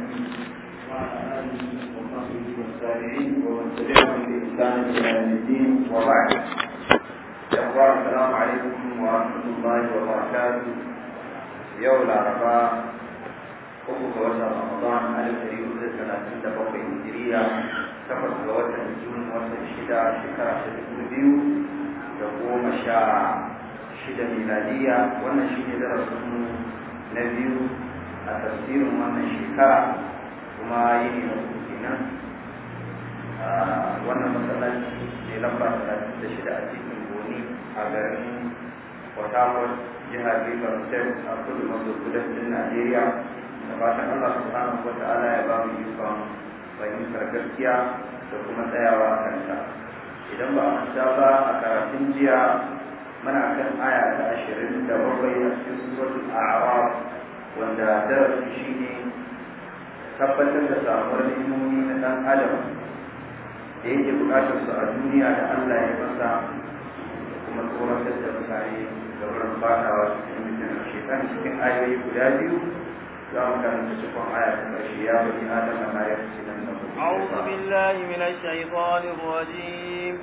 العالمين وعلى آله وصحبه والتابعين ومن تبعهم بإحسان إلى يوم الدين وبعد إخوان السلام عليكم da ga biyu da goma sha shida miladiya shi shine na biyu a tafsirin wannan shekara kuma yi ne na wannan masallaci ne lamba talatin da shida a cikin goni a garin port jihar river state a kudu maso kudancin najeriya da fatan allah subhanahu wa ala ya ba mu ikon fahimtar gaskiya da kuma tsayawa kanta idan ba a ba a karatun jiya muna kan aya ta ashirin da bakwai a cikin suratul a'raf wanda darasi shi ne tabbatar da samuwar ilmomi na ɗan adam da yake buƙatar su a duniya da Allah ya masa kuma tsoratar da mutane da wurin fadawa cikin mutum shekaru cikin ayoyi guda biyu za mu karanta cikin aya ta ƙarshe ya bani adam na ya fi nan da أعوذ بالله من الشيطان الرجيم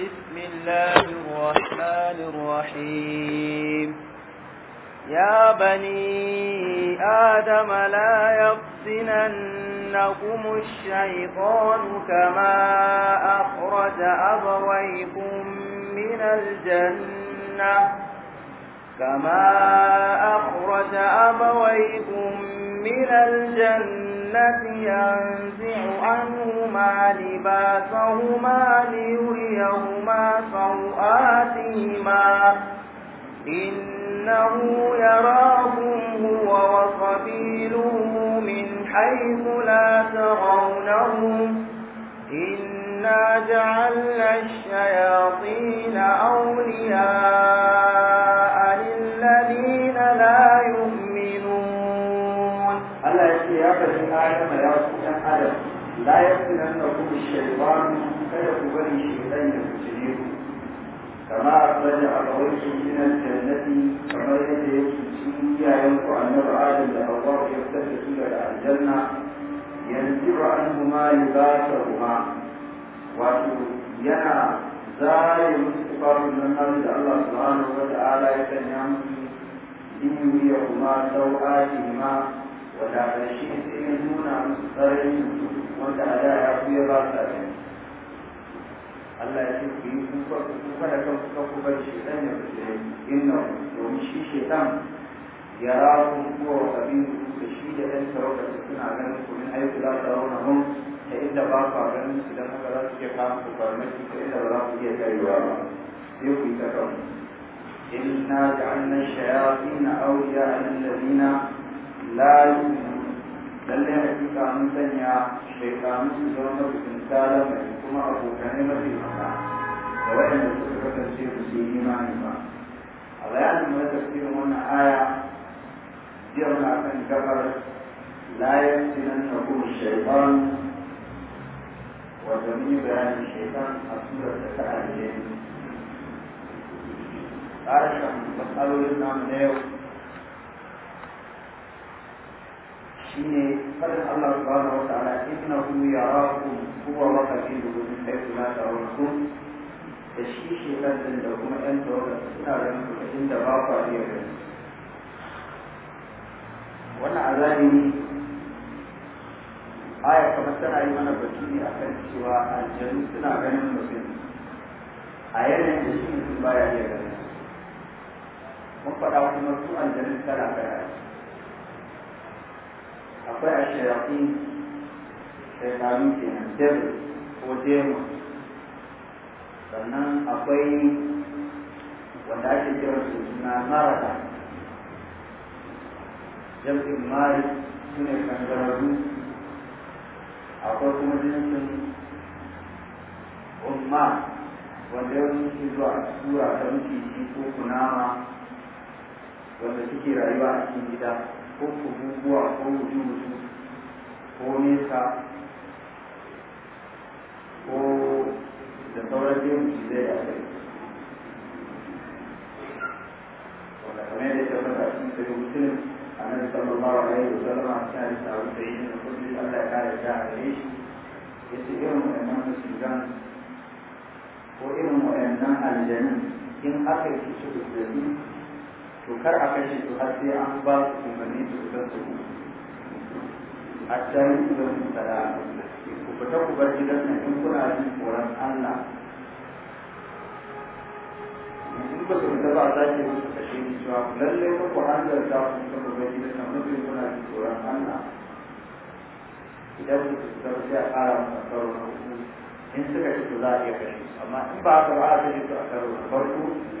بسم الله الرحمن الرحيم يا بني آدم لا يفتننكم الشيطان كما أخرج أبويكم من الجنة كما أخرج أبويكم من الجنة ينزع عنهما لباسهما ليريهما سوآتهما إنه يراكم هو وقبيله من حيث لا ترونهم إنا جعلنا الشياطين أولياء للذين لا يؤمنون ألا يسير يا آية ما يرسل لا يؤمن أنكم الشيطان فيقبل في كما أخرج أبويه من الجنة كما يجد يا ينفع النبع آدم لأبوه يفتتح إلى الجنة ينزع عنهما لباسهما وينا زاي مستقر من النبي الله سبحانه وتعالى يتنعم ليريهما سوآتهما ولا تشيء إن هنا مستقر وانت أداء في راسه Allah ya ce ku yi kuka kuka da kanku kan kuka bar shaitan ya fice inna domin shi shaitan ya rawo kuwa wa abin da shi da ɗan sarauta su suna ganin ku aiki za su rauna mun ta inda ba ku ganin su don haka za su iya kama ku farmaki ta inda ba za ku iya karewa ba sai ku yi ta kanku إنا جعلنا الشياطين أولياء للذين لا يؤمنون lallai hakika mun sanya shekaru su zama mafikin tsarar mai kuma abokanai mafi maka da waɗanda suka kasance ba su yi imani ba a bayanin mai tafsirin wannan aya jiya muna kan gabar layar sinan na kuma shaitan wanda mun bayanin shaitan a surar da ta ajiye ƙarshen matsalolin namu na yau shine fadin Allah subhanahu wa ta'ala innahu yarakum huwa wa qabiluhu min haythu la tarawun da shi shekar din da kuma yan tawaga suna da lokacin da ba ku iya ne? wannan azabi aya kamar tana yi mana batu ne akan cewa aljanu suna ganin mutum a yanayin da shi mutum baya iya mun faɗa kuma su aljanu tana gaya akwai a shayafi shaitanu kenan devil ko demon sannan akwai wanda ake kira su na marata jam'in mari su ne kangararru akwai kuma jinsin umma wanda ya rufe zuwa tura ta wuce ko kunama wanda suke rayuwa a cikin gida ko kuguguwa ko mutum mutum ko nesa ko da sauran jin zai da kai wanda kamar yadda ta fata cikin sayo musulun a nan sallallahu alaihi wa sallam a cikin hadisi abu da yin kudi Allah ya kare da gare shi ya ce irin wayannan musulman ko irin wayannan aljanin in aka yi su da to kar a kashe su har sai an ba su umarni su san su a can su zan tsara ku fita ku bar gidan nan in kuna jin tsoron Allah in ba su fita ba za ki musu kashe ni cewa lalle ba ku za ku fita ku bar gidan nan mutum kuna jin tsoron Allah idan ku fita sai a ƙara musu tsaro na uku in suka ci za a iya kashe su amma in ba ka ba a kashe su a karo na farko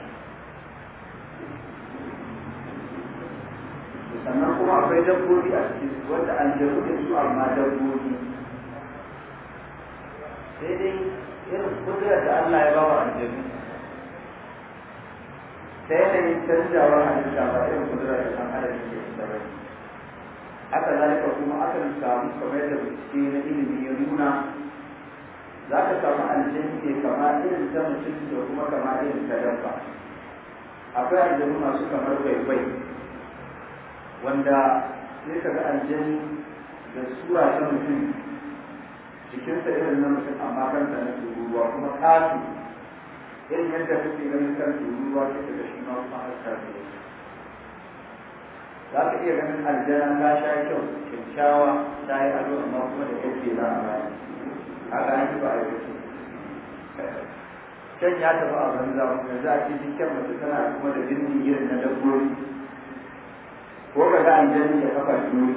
sannan kuma akwai dabbobi a cikin su wanda jaru da su amma dabbobi sai dai irin kudura da Allah ya ba wa aljanu ta yanayin a halitta ba irin kudura da ɗan da ke da bai haka zalika kuma aka samu kamar da bincike na ilimi ya nuna za ka samu aljanu ke kama irin ta mutum da kuma kama irin ta dabba akwai aljanu masu kamar baibai wanda sai ka ga aljani da sura ta mutum jikinsa irin na mutum amma kanta na tururuwa kuma kasu irin yadda kake ganin kan tururuwa sai ka ga shi ma kuma da ne za ka iya ganin aljana ta sha kyau kyakkyawa ta yi ado amma kuma da kake za a bayan haka an ba a yi can ya tafi a banza za a cikin jikin masu tana kuma da jirgin irin na dabbobi ko ka ga aljani da kafa biyu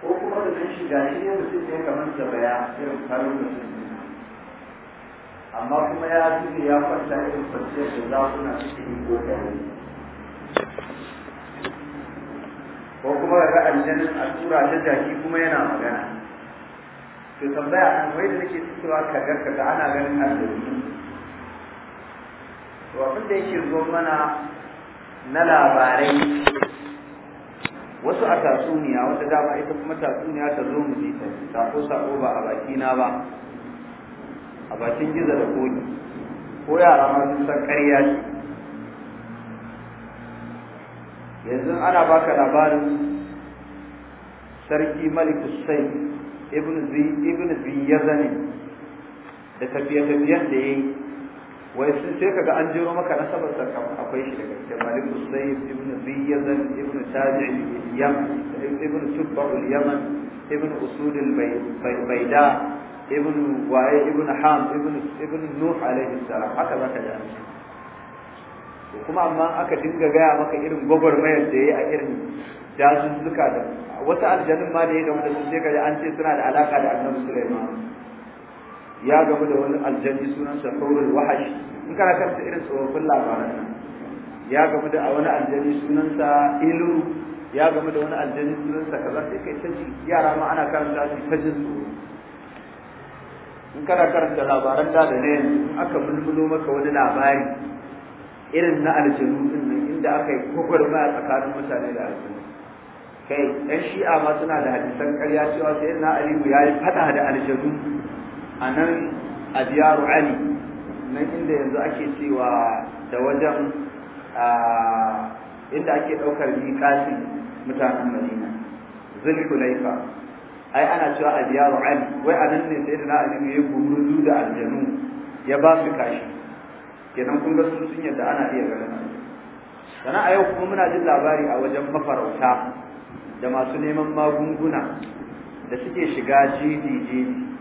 ko kuma da kan shiga shi ne mutum ne kamar sa baya irin farin mutum ne amma kuma ya zuge ya kwanta irin kwanciyar da za na cikin yi ko Ko kuma ga aljanin a tura ta jaki kuma yana magana to tambaya an wai da nake cewa ka kaga ana ganin aljanu to abin da yake zo mana na labarai wasu a tatsuniya wata dama ita kuma tatsuniya ta zo mu jita ta sako sako ba a baki na ba a bakin gizo da koki ko yara ma sun san ƙarya ce yanzu ana baka labarin sarki malik sai ibn zi ibn da tafiye-tafiyen da ya yi wai sun sai kaga an jero maka nasabar sa kamar akwai shi daga cikin Malik Usayb ibn Ziyazan ibn Tabi' al-Yam ibn Tubba al-Yaman ibn Usul al-Bayda ibn Wa'i ibn Ham ibn ibn Nuh alayhi salam haka zaka ji kuma amma aka dinga gaya maka irin gwagwarmayar da ya yi a irin dazuzzuka da wasu aljanin ma da ya da wanda sun sai an ce suna da alaka da annabi Sulaiman ya gamu da wani aljanni sunansa Faurul Wahash in kana karanta irin tsofaffin labaran ya gamu da wani aljani sunansa ilu ya gamu da wani aljani sunansa kaza sai kai ta ji yara ma ana karanta su ta jin tsoro in kana karanta labaran da da ne aka mulmulo maka wani labari irin na aljanu din nan inda aka yi gwagwarmaya tsakanin mutane da aljanu kai ɗan shi'a ma suna da hadisan ƙarya cewa sai na aliyu ya yi fada da aljanu a nan a diyaru ali nan inda yanzu ake cewa da wajen inda ake ɗaukar miƙasin mutanen madina zulhulaifa ai ana cewa a diyaru ali wai a nan ne sai da na ya gumurzu da aljanu ya ba su kashi kenan kun ga sun sun yadda ana iya ganin sannan a yau kuma muna jin labari a wajen mafarauta da masu neman magunguna da suke shiga jiji jiji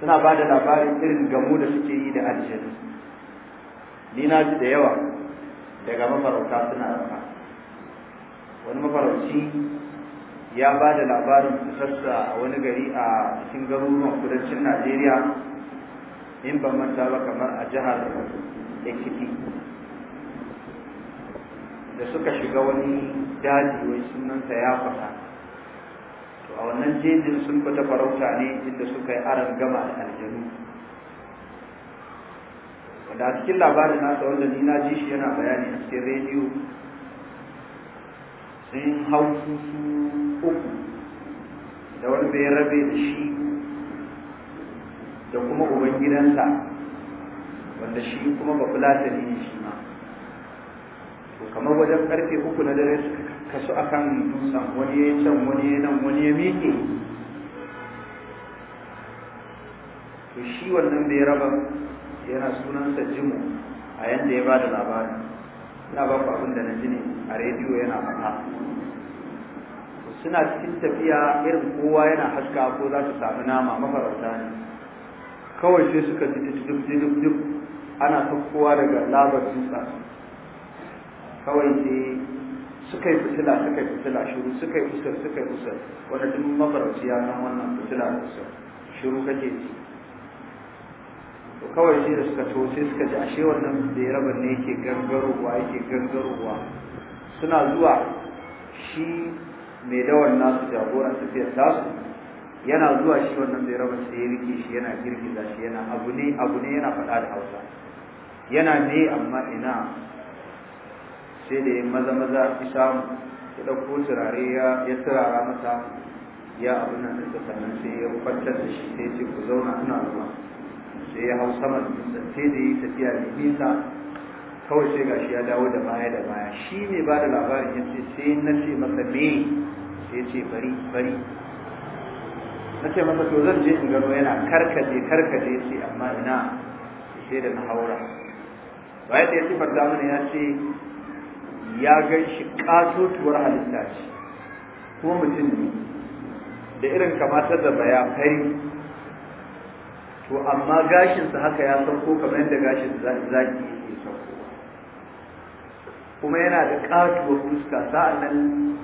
suna ba da labarin irin gamu da suke yi da aljanu ni na ji da yawa daga mafarauta suna rafa wani mafarauci ya ba da labarin fitarsa a wani gari a cikin garuruwan kudancin najeriya in ban manta ba kamar a jihar ekiti da suka shiga wani daji wai sunansa ya fata a wannan jejin sun fita farauta ne inda suka yi aran gama da aljanu wanda a cikin labarin nasa wanda ni na ji shi yana bayani a cikin rediyo sun hau su uku da wani bai rabe da shi da kuma uban gidansa wanda shi kuma ba fulatani ne shi ma to kamar wajen karfe uku na dare suka kasu akan dutsen wani ya can wani ya nan wani ya miƙe to shi wannan bai raba yana sunansa jimu a yadda ya ba da labarin na ba ku abin da na ji ne a rediyo yana faɗa suna cikin tafiya irin kowa yana haska ko za su sami nama mafarauta ne kawai sai suka ji duk duk duk ana saukowa daga labar dutsen kawai sai suka yi fitila suka yi fitila shiru suka yi usar suka yi usar wanda duk mafarauci ya san wannan fitila da su, shiru kake ji to kawai sai da suka to sai suka ji ashe wannan raba ne yake gangarowa yake gangarowa suna zuwa shi mai dawar nasu jagoran ta su yana zuwa shi wannan raba sai ya rike shi yana girgiza shi yana abu ne abu ne yana faɗa da hausa yana ne amma ina sai da ya maza maza ya samu ya ɗauko turare ya turara masa ya abin nan da sannan sai ya kwantar da shi sai ce ku zauna ina ruwa. sai ya hau sama da sai da yi tafiya da nisa kawai sai gashi ya dawo da baya da baya shi ne ba da labarin ya ce sai na ce masa me sai ce bari bari na ce masa to zan je in gano yana karkace karkace sai amma ina sai da na haura bayan da ya ce da mana ya ce ya gan shi katotuwar halitta ce ko mutum ne da irin kamatar da baya fari to amma gashinsa haka ya sauko kamar yadda gashin zaki yake sauko kuma yana da katuwar fuska sa'annan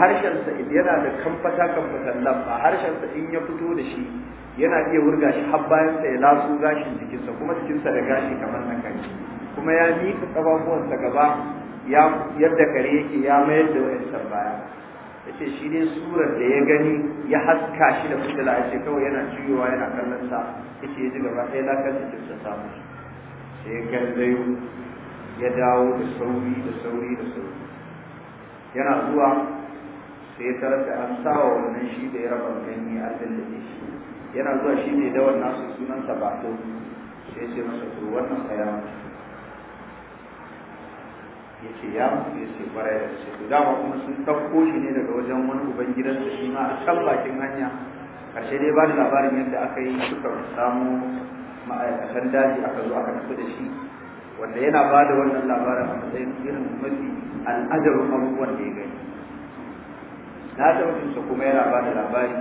harshensa yana da kamfata kamfatan lamba harshensa in ya fito da shi yana iya wurga shi har bayansa ya laso gashin jikinsa kuma jikinsa da gashi kamar na kai kuma ya miƙa ƙafafuwansa gaba yadda kare yake ya mayar da wayancan baya ce shi ne surar da ya gani ya haska shi da fitila ce kawai yana ciwowa, yana kallon sa ya ji gaba ɗaya lakar jikin sa samu sai ya gallayo ya dawo da sauri da sauri da sauri yana zuwa sai ya tarar da an sawa wannan shi da ya raba gani a lallabe shi yana zuwa shi ne da wannan sunansa ba to sai ya ce masa to wannan kayan. ya ce ya mutu ya ce kwarai da ce to dama kuma sun tafko shi ne daga wajen wani uban gidansa shi ma a can bakin hanya karshe dai ba labarin yadda aka yi suka samu ma'aikatan daji aka zo aka tafi da shi wanda yana ba da wannan labarin a matsayin irin mafi al'adar abubuwan da ya gani na sa kuma yana ba da labari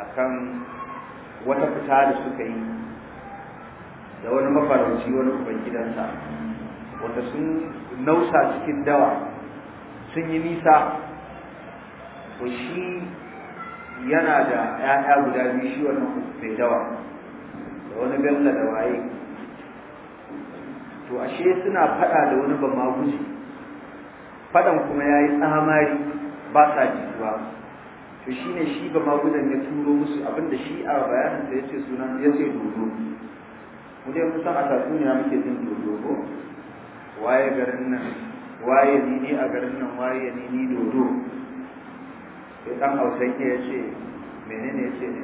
akan wata fita da suka yi da wani mafarauci wani uban gidansa wata sun nausa cikin dawa sun yi nisa to shi yana da ‘ya'ya guda biyu shi wannan mai dawa da wani bello da waye to ashe suna faɗa da wani ba maguji faɗan kuma ya yi tsamari ba sa jituwa to shi ne shi ba magudan ya turo musu abinda shi a da ya ce sunan ya ce dodo mu dai kusan a tatsuniya muke jin dodo ko waye garin nan waye ni a garin nan waye ni dodo sai dan hausan ya ce menene ya ce ne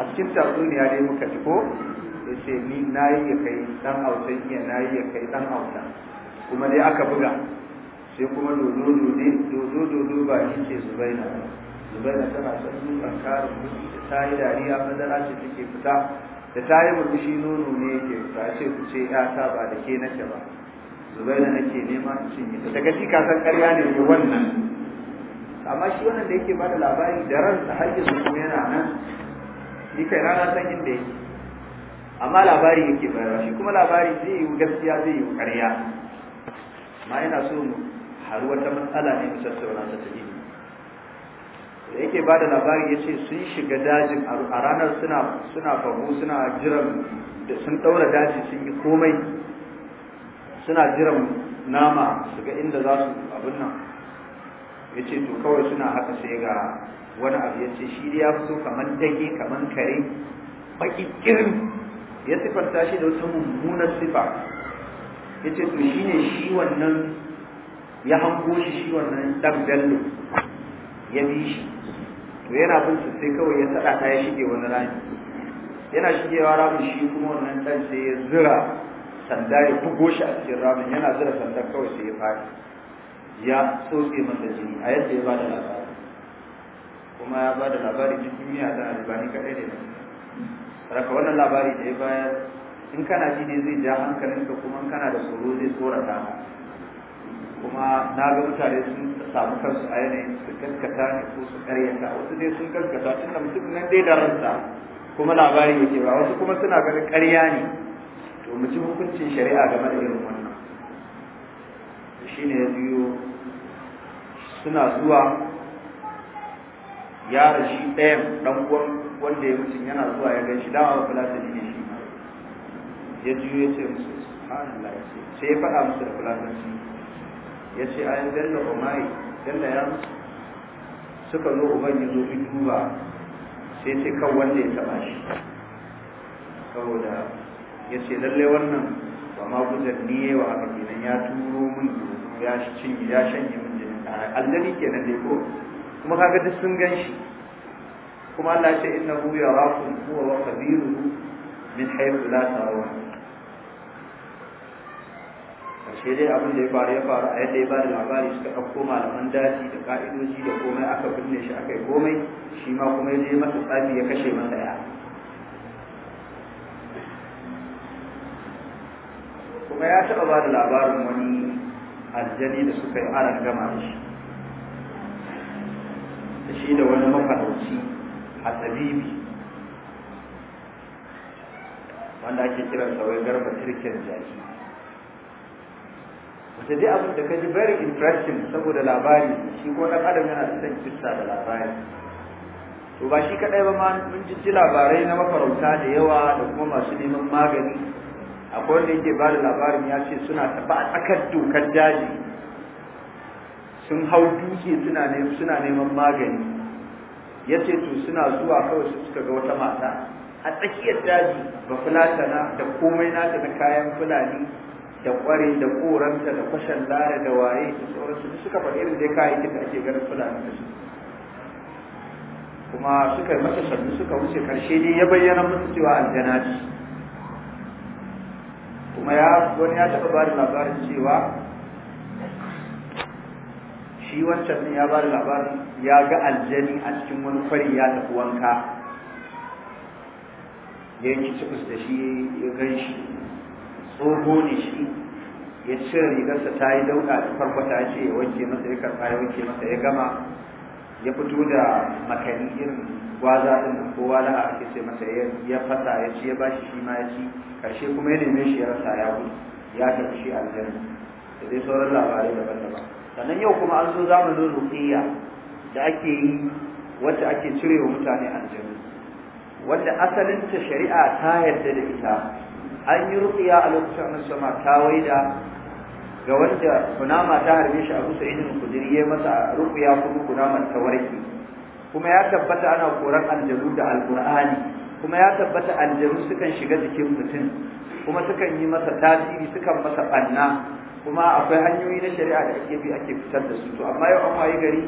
a cikin tatsuniya dai muka ci ko ya ce ni na yi ya kai dan hausan ya na yi ya kai dan hausa kuma dai aka buga sai kuma dodo dodo dodo ba ni ce zubaina zubaina tana son dukan karin kuɗi da ta yi dariya madara ce take fita da ta yi murmushi nono ne yake ta ce ku ce ya ta ba da ke nake ba zubaina nake nema in cinye ta daga shi kasan karya ne ke wannan amma shi wannan da yake bada labari da ran ransa har yanzu kuma yana nan ni kai rana san inda yake amma labari yake bayarwa shi kuma labari zai yi gaskiya zai yi karya amma yana so mu har wata matsala ne mu sassauna ta tafi da yake bada labari ya ce sun shiga dajin a ranar suna fahu suna jiran da sun daura daji sun yi komai suna jiran nama su ga inda za su abin nan ya ce to kawai suna haka sai ga wani abu ya ce shi ya fito kamar dage kamar kare baki kirin ya siffanta shi da wata mummunar siffa ya ce to shi ne shi wannan ya hango shi shi wannan ɗan dallo ya bi shi to yana bin su sai kawai ya tsada ta ya shige wani rami yana shigewa ramin shi kuma wannan dan sai ya zura sanda ya bugo shi a cikin ramin yana zura sanda kawai sai ya fara ya soke masa jini a yadda ya bada labari kuma ya bada labari cikin miya da albani kadai ne raka wannan labari da ya bayar in kana ji ne zai ja hankalinka kuma in kana da tsoro zai tsorata ka kuma na ga mutane sun samu kansu a yanayin su gaskata ne ko su karyata wasu dai sun gaskata tun da mutum nan dai da ransa kuma labari yake ba wasu kuma suna ganin karya ne to mu ci hukuncin shari'a game da irin wannan ne ya biyo suna zuwa yara shi ɗayan ɗan uwan wanda ya mutum yana zuwa ya gan shi dama ba fulatani ne shi ya juyo ya ce musu subhanallah sai ya faɗa musu da fulatanci ya ce ayan dalla umari dalla ya suka zo uban ya zo duba sai ce kan wanda ya taba shi saboda ya ce lalle wannan ba ma guzar ni wa haka kenan ya turo min ya cin ya shanye min jinin ɗana allani kenan dai ko kuma kaga duk sun gan shi kuma Allah ya ce innahu yarakum huwa wa qabiluhu min haythu la tarawun sai dai abin da ya faru ya faru a yadda ya ba da labari suka ɗauko malaman daji da ka'idoji da komai aka binne shi aka yi komai shi ma kuma ya je masa tsafi ya kashe masa ya kuma ya taɓa ba da labarin wani aljani da suka yi aran gama da shi da shi da wani mafarauci a tsabibi wanda ake kiransa wai garba tirkin jaki ta ji abin da ka ji very interesting saboda labari shi ko dan adam yana son kissa da labari to ba shi kadai ba ma mun ji labarai na mafarauta da yawa da kuma masu neman magani akwai wanda yake ba da labarin ya ce suna taɓa a tsakar dokar daji sun hau duke suna neman magani ya ce to suna zuwa kawai su suka ga wata mata a tsakiyar daji ba fulata na, da komai na da kayan fulani da kware da koranta da kwashan lara da waye da sauransu duk suka faɗi irin dai kayayyakin da ake ganin fulani da su kuma suka yi masa sannu suka wuce karshe ne ya bayyana musu cewa aljana ce kuma ya wani ya taɓa ba da labarin cewa shi wancan ne ya ba da labarin ya ga aljani a cikin wani fari ya tafi wanka da ya ci da shi ya gan shi tsoho ne shi ya cire rigarsa ta yi dauka da farfata ce ya wanke masa ya karɓa ya wanke masa ya gama ya fito da makani irin gwaza din da kowa da ake ce masa ya fasa ya ci ya bashi shi ma ya ci karshe kuma ya neme shi ya rasa ya gudu ya tafi shi aljanna da dai sauran labarai daban-daban sannan yau kuma an zo zo ruqiyya da ake yi wacce ake cirewa mutane aljanu wanda asalin ta shari'a ta yarda da ita an yi ruqiya a lokacin annabi sama ta waida ga wanda kunama ta harbe shi a Sa'id al kudiri ya masa ruqiya kuma kunama ta warke kuma ya tabbata ana koran aljanu da alqur'ani kuma ya tabbata aljanu sukan shiga jikin mutum kuma sukan yi masa tasiri sukan masa banna kuma akwai hanyoyi na shari'a da ake bi ake fitar da su to amma yau an waye gari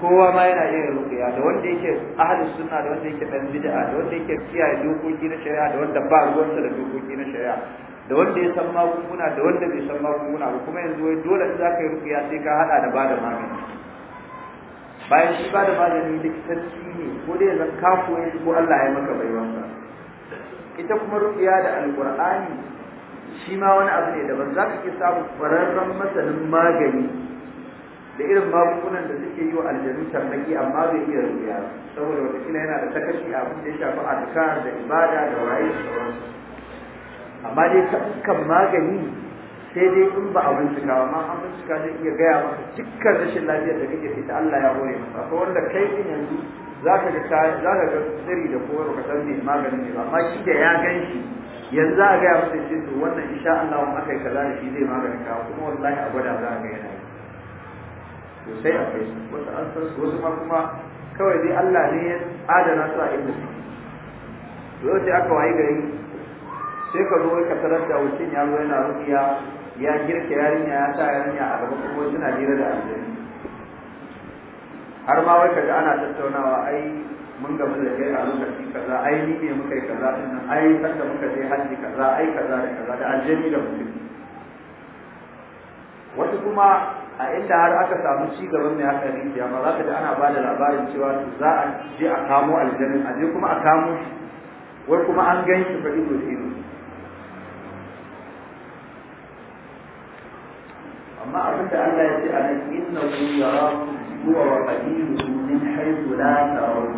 kowa ma yana iya rukiya da wanda yake ahli sunna da wanda yake dan bid'a da wanda yake kiyaye dokoki na shari'a da wanda ba ruwansa da dokoki na shari'a da wanda ya san magunguna da wanda bai san magunguna ba kuma yanzu wai dole za ka yi rukiya sai ka hada da bada magani bayan shi bada magani likitanci ne ko dai zan ka koyi ko Allah ya maka bai wanda ita kuma rukiya da alqur'ani shi ma wani abu ne daban za ka ki samu kwararren masanin magani da irin magungunan da suke yi wa aljanu tarnaki amma bai iya rubuya saboda watakila yana da takashi a abin da ya shafi azkar da ibada da waye da sauransu amma dai kan magani sai dai in ba a bincika ba ma an bincika zai iya gaya maka cikar rashin lafiyar da kake fita Allah ya hore masa ko wanda kai din yanzu zaka ga zaka ga sirri da koyarwa ka san me maganin ne ba amma shi da ya gan shi yanzu a gaya masa shi to wannan insha Allah in aka yi kaza da shi zai magani ka kuma wallahi a gwada za a yana to sai a kai su wasu an san su wasu ma kuma kawai dai Allah ne ya adana su a inda su to sai aka wayi gari sai ka zo ka tarar da wucin ya zo yana rukiya ya girka yarinya ya sa yarinya a gaban kuma suna jira da aljani har ma wai kaga ana tattaunawa ai mun gamu da kai a lokaci kaza ai ni ne muka yi kaza din nan ai sanda muka je hajji kaza ai kaza da kaza da aljani da mutum wasu kuma a inda har aka samu ci gaban mai haka rijiya ma za ka ji ana ba da labarin cewa za a je a kamo aljanin a je kuma a kamo shi wai kuma an gan shi fa ido da ido amma abin da Allah ya ce a nan inna hu yaraku huwa wa qabiluhu min haythu la tarawun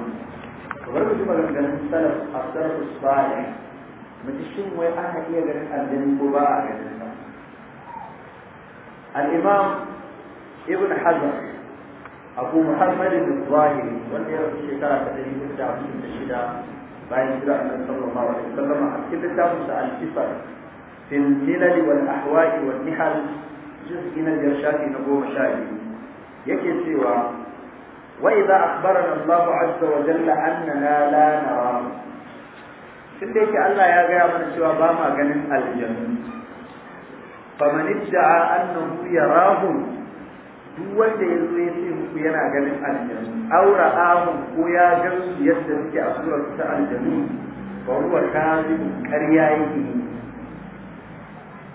kamar da kuma ganin salaf as-salaf as-salih mutum shin wai ana iya ganin aljani ko ba a ganin sa al-imam ibn hazm abu muhammad ibn zahiri wanda ya rasu shekara ta ɗari hudu da hamsin da shida bayan jira annabi sallallahu alaihi wasallam a cikin littafin sa al-kifar fil milal wal ahwa'i wal nihal juz'i na biyar shafi na goma sha biyu yake cewa wa idza akhbarana Allah azza wa jalla annana la nara tun da yake Allah ya gaya mana cewa ba ma ganin aljannu faman idda'a annahu yarahu duk wanda ya zo ya ce muku yana ganin aljanu aura amun ko ya gan yadda suke a surar ta aljanu fa huwa kadhibun ƙarya yake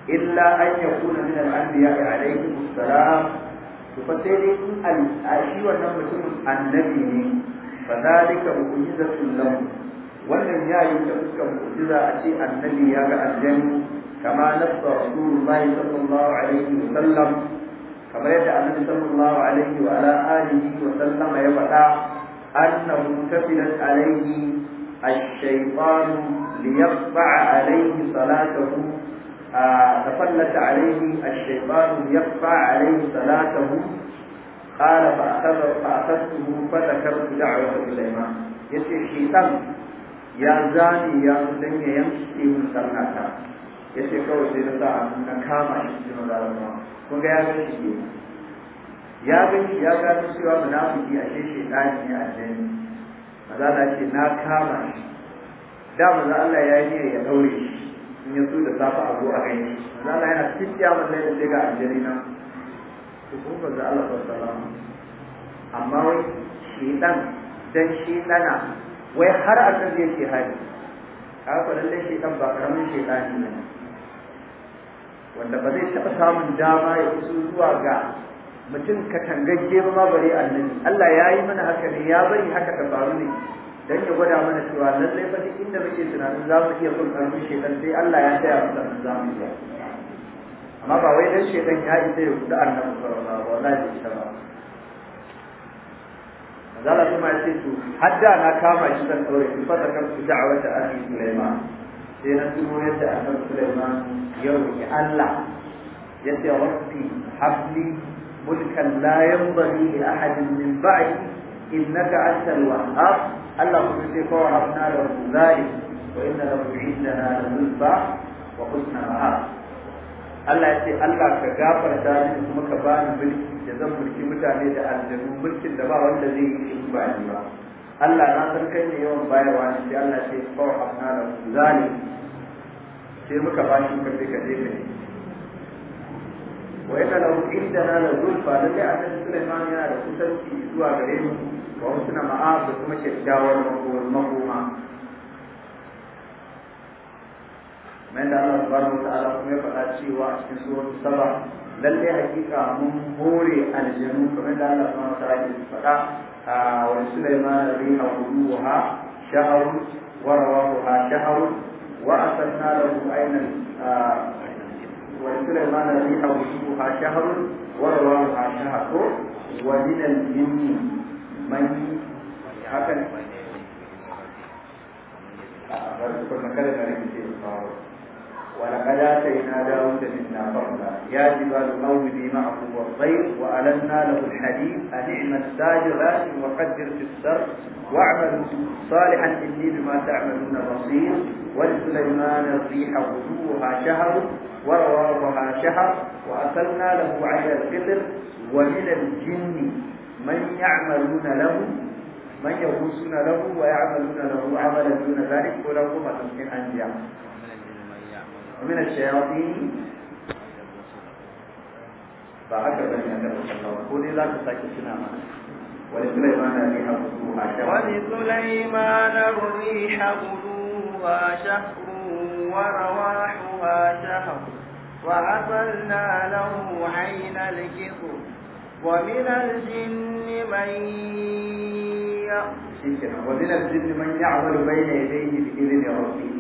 illa an yakuna min al-anbiya alayhi assalam to fa sai dai in al-ashi wannan mutumin annabi ne fa zalika mu'jizatun lahu wannan yayi da fuskar mu'jiza a ce annabi ya ga aljanu kama nasta rasulullahi sallallahu alaihi wasallam kamar yadda annabi sallallahu alaihi wa ala alihi wa sallama ya faɗa annahu kafilat alaihi الشيطان ليقطع عليه صلاته تفلت عليه الشيطان ليقطع عليه صلاته قال فأخذته فذكرت دعوة سليمان يسير الشيطان ya zane ya su dan ya yanke ya ce kawai sai na sa na kama shi cikin mazalarwa kun ga ya ga shi ne ya ga shi ya shi cewa munafiki a shi ɗani ne a Maza mazala ce na kama shi da maza Allah ya yi ya ɗaure shi in ya so da safa a zo a gani Allah yana cikiya maza ya ce ga aljani nan to ko maza Allah sallallahu amma wai shi dan dan shi dana wai har a kan zai ce hari haka lallai shi dan ba karamin shi ɗani ne wanda ba zai taɓa samun dama ya iso zuwa ga mutum ka tangagge ba ma bare annabi Allah ya yi mana haka ne ya bari haka ta faru ne dan ya gwada mana cewa lallai fa duk inda muke tunanin za mu iya kun karbi shekan sai Allah ya taya mu sanin za mu amma ba wai dan shekan ya isa ya kuɗa annabi sallallahu alaihi wasallam ba zala kuma ya ce to hadda na kama shi zan ɗaure in fasa kan su da'awata ahli Sulaiman sai na tuno yadda annabi Sulaiman ya roki Allah ya ce rabbi habli mulkan la yanbaghi li ahadin min ba'di innaka antal wahhab Allah kuma sai ko habna da zalik wa inna lahu indana al-mulka wa husna ma'ab Allah ya ce Allah ka gafarta ni kuma ka bani mulki da zan mulki mutane da aljanu mulkin da ba wanda zai yi shi ba ni ba Allah na san kai ne yawan bayarwa ne sai Allah ce fa hafna da zani sai muka ba shi je ka ne wa yana da inda na da zulfa da dai annabi Sulaiman yana da kusanci zuwa gare mu wa husna ma'a da kuma kyakkyawar makoma من الله سبحانه وتعالى cikin suwar saba, lallai hakika mun للي حقيقة من هوري الجنوب كما الله سبحانه وتعالى faɗa. ولسليمان الريح غدوها شهر ورواحها شهر وأرسلنا له عينا ولسليمان الريح غدوها شهر ورواحها شهر ومن الجن من هكذا. أنا بقول لك أنا ولقد آتينا داود منا فضلا يا جبال أوبي معه والطير وألنا له الحديد أن اعمل سابغات وقدر في السر واعملوا صالحا إني بما تعملون بصير ولسليمان الريح غدوها شهر ورواها شهر وأكلنا له عين الفطر ومن الجن من يعملون له من يغوصون له ويعملون له عملا دون ذلك ولهم من أنبياء ومن الشياطين فعجبا بني آدم قولي لا تسكتنا معك ولسليمان الريح غدوها شهر ولسليمان الريح غدوها شهر ورواحها شهر وأصلنا له عين الكفر ومن الجن من يأ ومن الجن من يعمل بين يديه بإذن ربه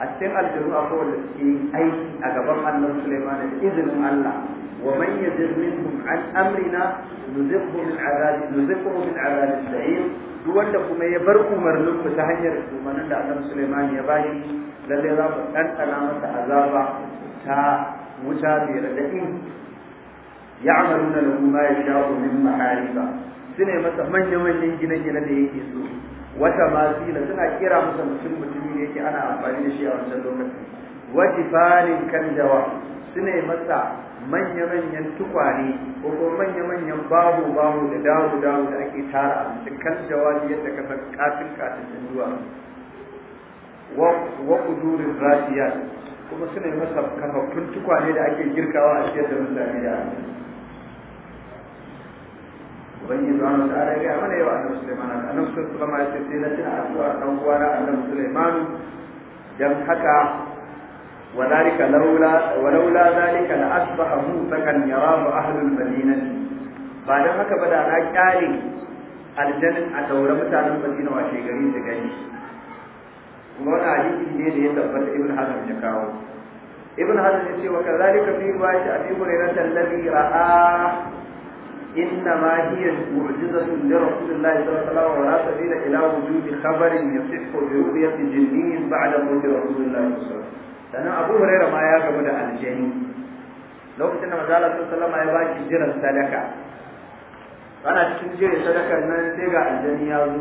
a cikin aljanu a da suke aiki a gaban annabi Suleiman da izinin Allah wa man yajid minhum an amrina nuzibhu min azab nuzibhu min sa'ir duk wanda kuma ya bar umarnin mu ta hanyar umarnin da annabi Suleiman ya bayi lalle za mu ɗanɗana masa azaba ta wuta mai raɗaɗi ya'maluna lahu ma yasha'u min mahariba sune masa manya-manyan gine-gine da yake so wata mazila suna kira masa mutum mutumi da yake ana amfani da shi a wancan lokacin wajifalin kan jawa suna masa manya-manyan tukwane ko kuma manya-manyan babu babu da dawo dawo da ake tara abinci kan jawabi yadda ka san katin katin din zuwa wa kudurin rasiyat kuma suna masa kafaffun tukwane da ake girkawa a cikin da mutane da ubangiji zuwa nasu ala ya mana yawa annabi suleiman annabi suleiman su ya ce sai na tuna addu'a dan uwana annabi suleiman dan haka wa وذلك لولا ولولا ذلك لأصبح موثقا يراه أهل Ba بعد haka bada na kyale aljannin a daura mutanen Madina washe gari da gani kuma wani hadisi ne da ya tabbata Ibn Hazm ya kawo Ibn Hazm ya ce wa kadhalika fi riwayat Abi Hurairah alladhi ra'a إنما هي معجزة لرسول الله صلى الله عليه وسلم ولا سبيل إلى وجود خبر يصح برؤية جني بعد موت رسول الله صلى الله عليه وسلم sannan abu huraira ma ya gabu da aljani lokacin da mazala sun salama ya baki jiran sadaka ana cikin jiran sadakar nan sai aljani ya zo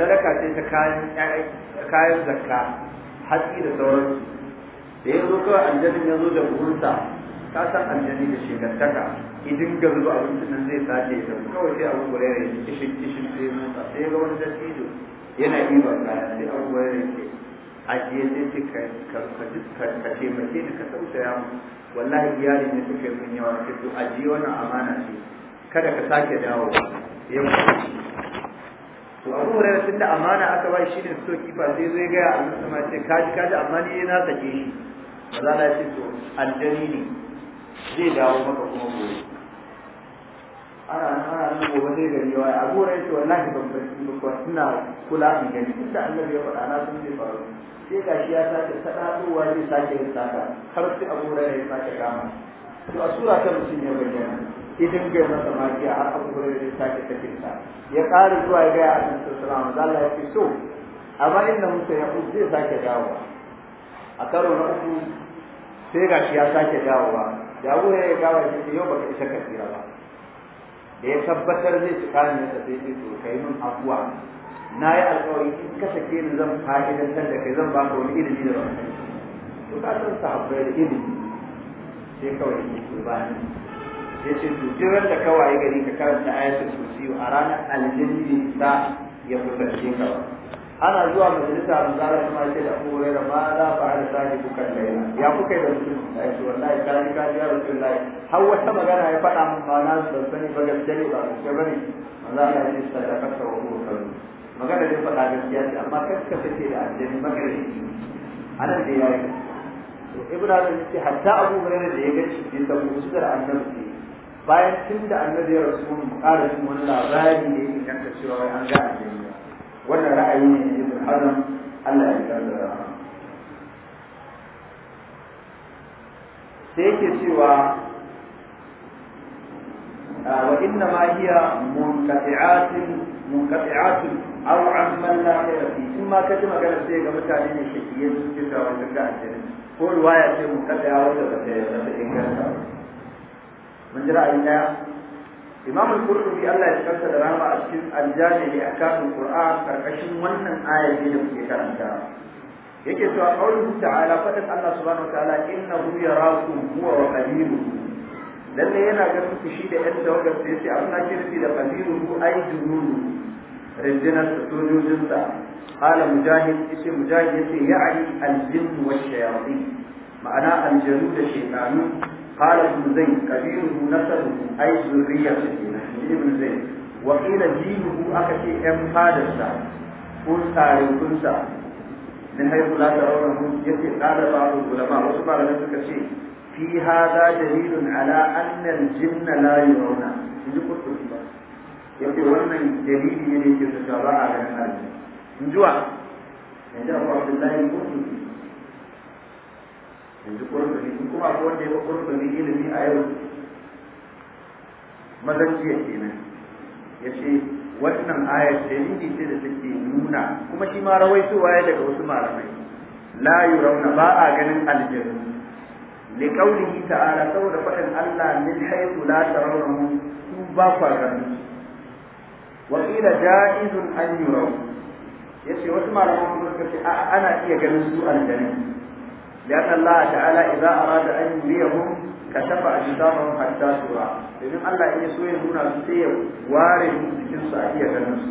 sadaka sai ta kayan kayan zakka hatsi da sauransu da ya kawai ya zo da buhunsa ka san aljani da shekantaka idan ga zuba abincin nan zai sace da kawai sai abu gure ne kishin kishin sai motsa sai ga wani dattijo yana ba kaya sai abu gure ne ke ajiye zai ce ka taimake ni ka tausaya mu wallahi iyali ne suke mun yawa ka to ajiye wannan amana ce kada ka sake dawo yau to abu gure tunda amana aka ba shi ne so kifa sai zai gaya a sama ce kaji kaji amma ni na sake shi maza na ce to aljani ne zai dawo maka kuma gobe ana ana nan gobe zai gari wai a gore to wallahi ban bar ba ko ina kula in gani tunda annabi ya faɗa na sun zai faru sai gashi ya sake sadadowa zai sake yin saka har sai a gore ya sake kama to a sura ta mutum ya bayyana idan ga masa magiya a abu gore zai sake take sa ya ƙara zuwa ga ya annabi sallallahu alaihi wasallam Allah ya fi so amma inda musa ya zai sake dawowa a karo na uku sai gashi ya sake dawowa da ya gawa shi yau baka isa ka tsira ba da ya tabbatar zai ci kayan yasa sai ce to kai min abuwa na yi alƙawari in ka sake ni zan fa'idantar da kai zan ba ka wani ilimi da ba ka to ka san sahabbai da ilimi sai kawai ne ke ba ni sai ce to jiran da kawai gari ka karanta ayatul kursi a ranar aljinni sa ya kusance ka ba ana zuwa majalisa manzara kuma ce da abu da ma za fa ala sahibu kan laila ya kuka da mutum ya ce wallahi kai ka ji ya rasulullahi har wata magana ya faɗa min ma na ban sani ba gaskiya ne ba gaskiya bane manzara ya ce sadaqata wa huwa kalu magana da faɗa gaskiya ce amma kai ka fice da addini magana anan da yayi to ibnu azam ce, hatta abu hurairah da ya gaci, ga su da musulmar annabi bayan tun da annabi ya rasu mun ƙara wani labari ne ya inganta cewa an ga addini wannan ra'ayi ne na ibn hazm Allah ya karɓa rahama sai yake cewa ah, wa inna ma hiya munqati'atun munqati'atun aw amman la khayra fi in ma kaji magana sai ga mutane ne shakiye su ke da wannan ga ajiri ko ruwaya ce munqati'a wanda ba ta inganta mun ji ra'ayin daya imam al-qurtubi Allah ya tsaka da rama a cikin aljami ne akan qur'an karkashin wannan aya ne da muke karanta yake cewa qauluhu ta'ala faɗin Allah subhanahu wa ta'ala innahu yarakum huwa wa qabiluhu lalle yana ganin ku shi da yan tawagar sai sai a ake nufi da qabiluhu ay jununu rindinar sojojin sa qala mujahid yace mujahid yace ya'ni al-jinn wa shayatin ma'ana aljanu da shaytanu قال ابن زيد كبيره نسبه أي ذريته ابن زيد وقيل دينه أكشي أم فادسة قلتا يقلتا من حيث لا ترونه يتي قال بعض العلماء وسبع لنفسك شيء في هذا دليل على أن الجن لا يرون يجي قلت يقول وانا دليل يلي كيف تشابه على الحال نجوا عند عبد الله يقول yanzu kurkuri in kuma akwai wanda ya kurkuri ilimi a yau mazarciya kenan ya ce wannan ayar dalili ce da take nuna kuma shi ma rawaitowa ya daga wasu malamai la yurauna ba a ganin aljanu li qawlihi ta'ala saboda faɗin Allah min haythu la tarawhum su ba kwa ganin wa qila jaizun an yurau yace wasu malaman kuma suka ce ana iya ganin su aljanu لأن الله تعالى إذا أراد أن يريهم كشف أجسامهم حتى ترى لأن الله إن يسوي هنا سير وارد جنس أهية النفس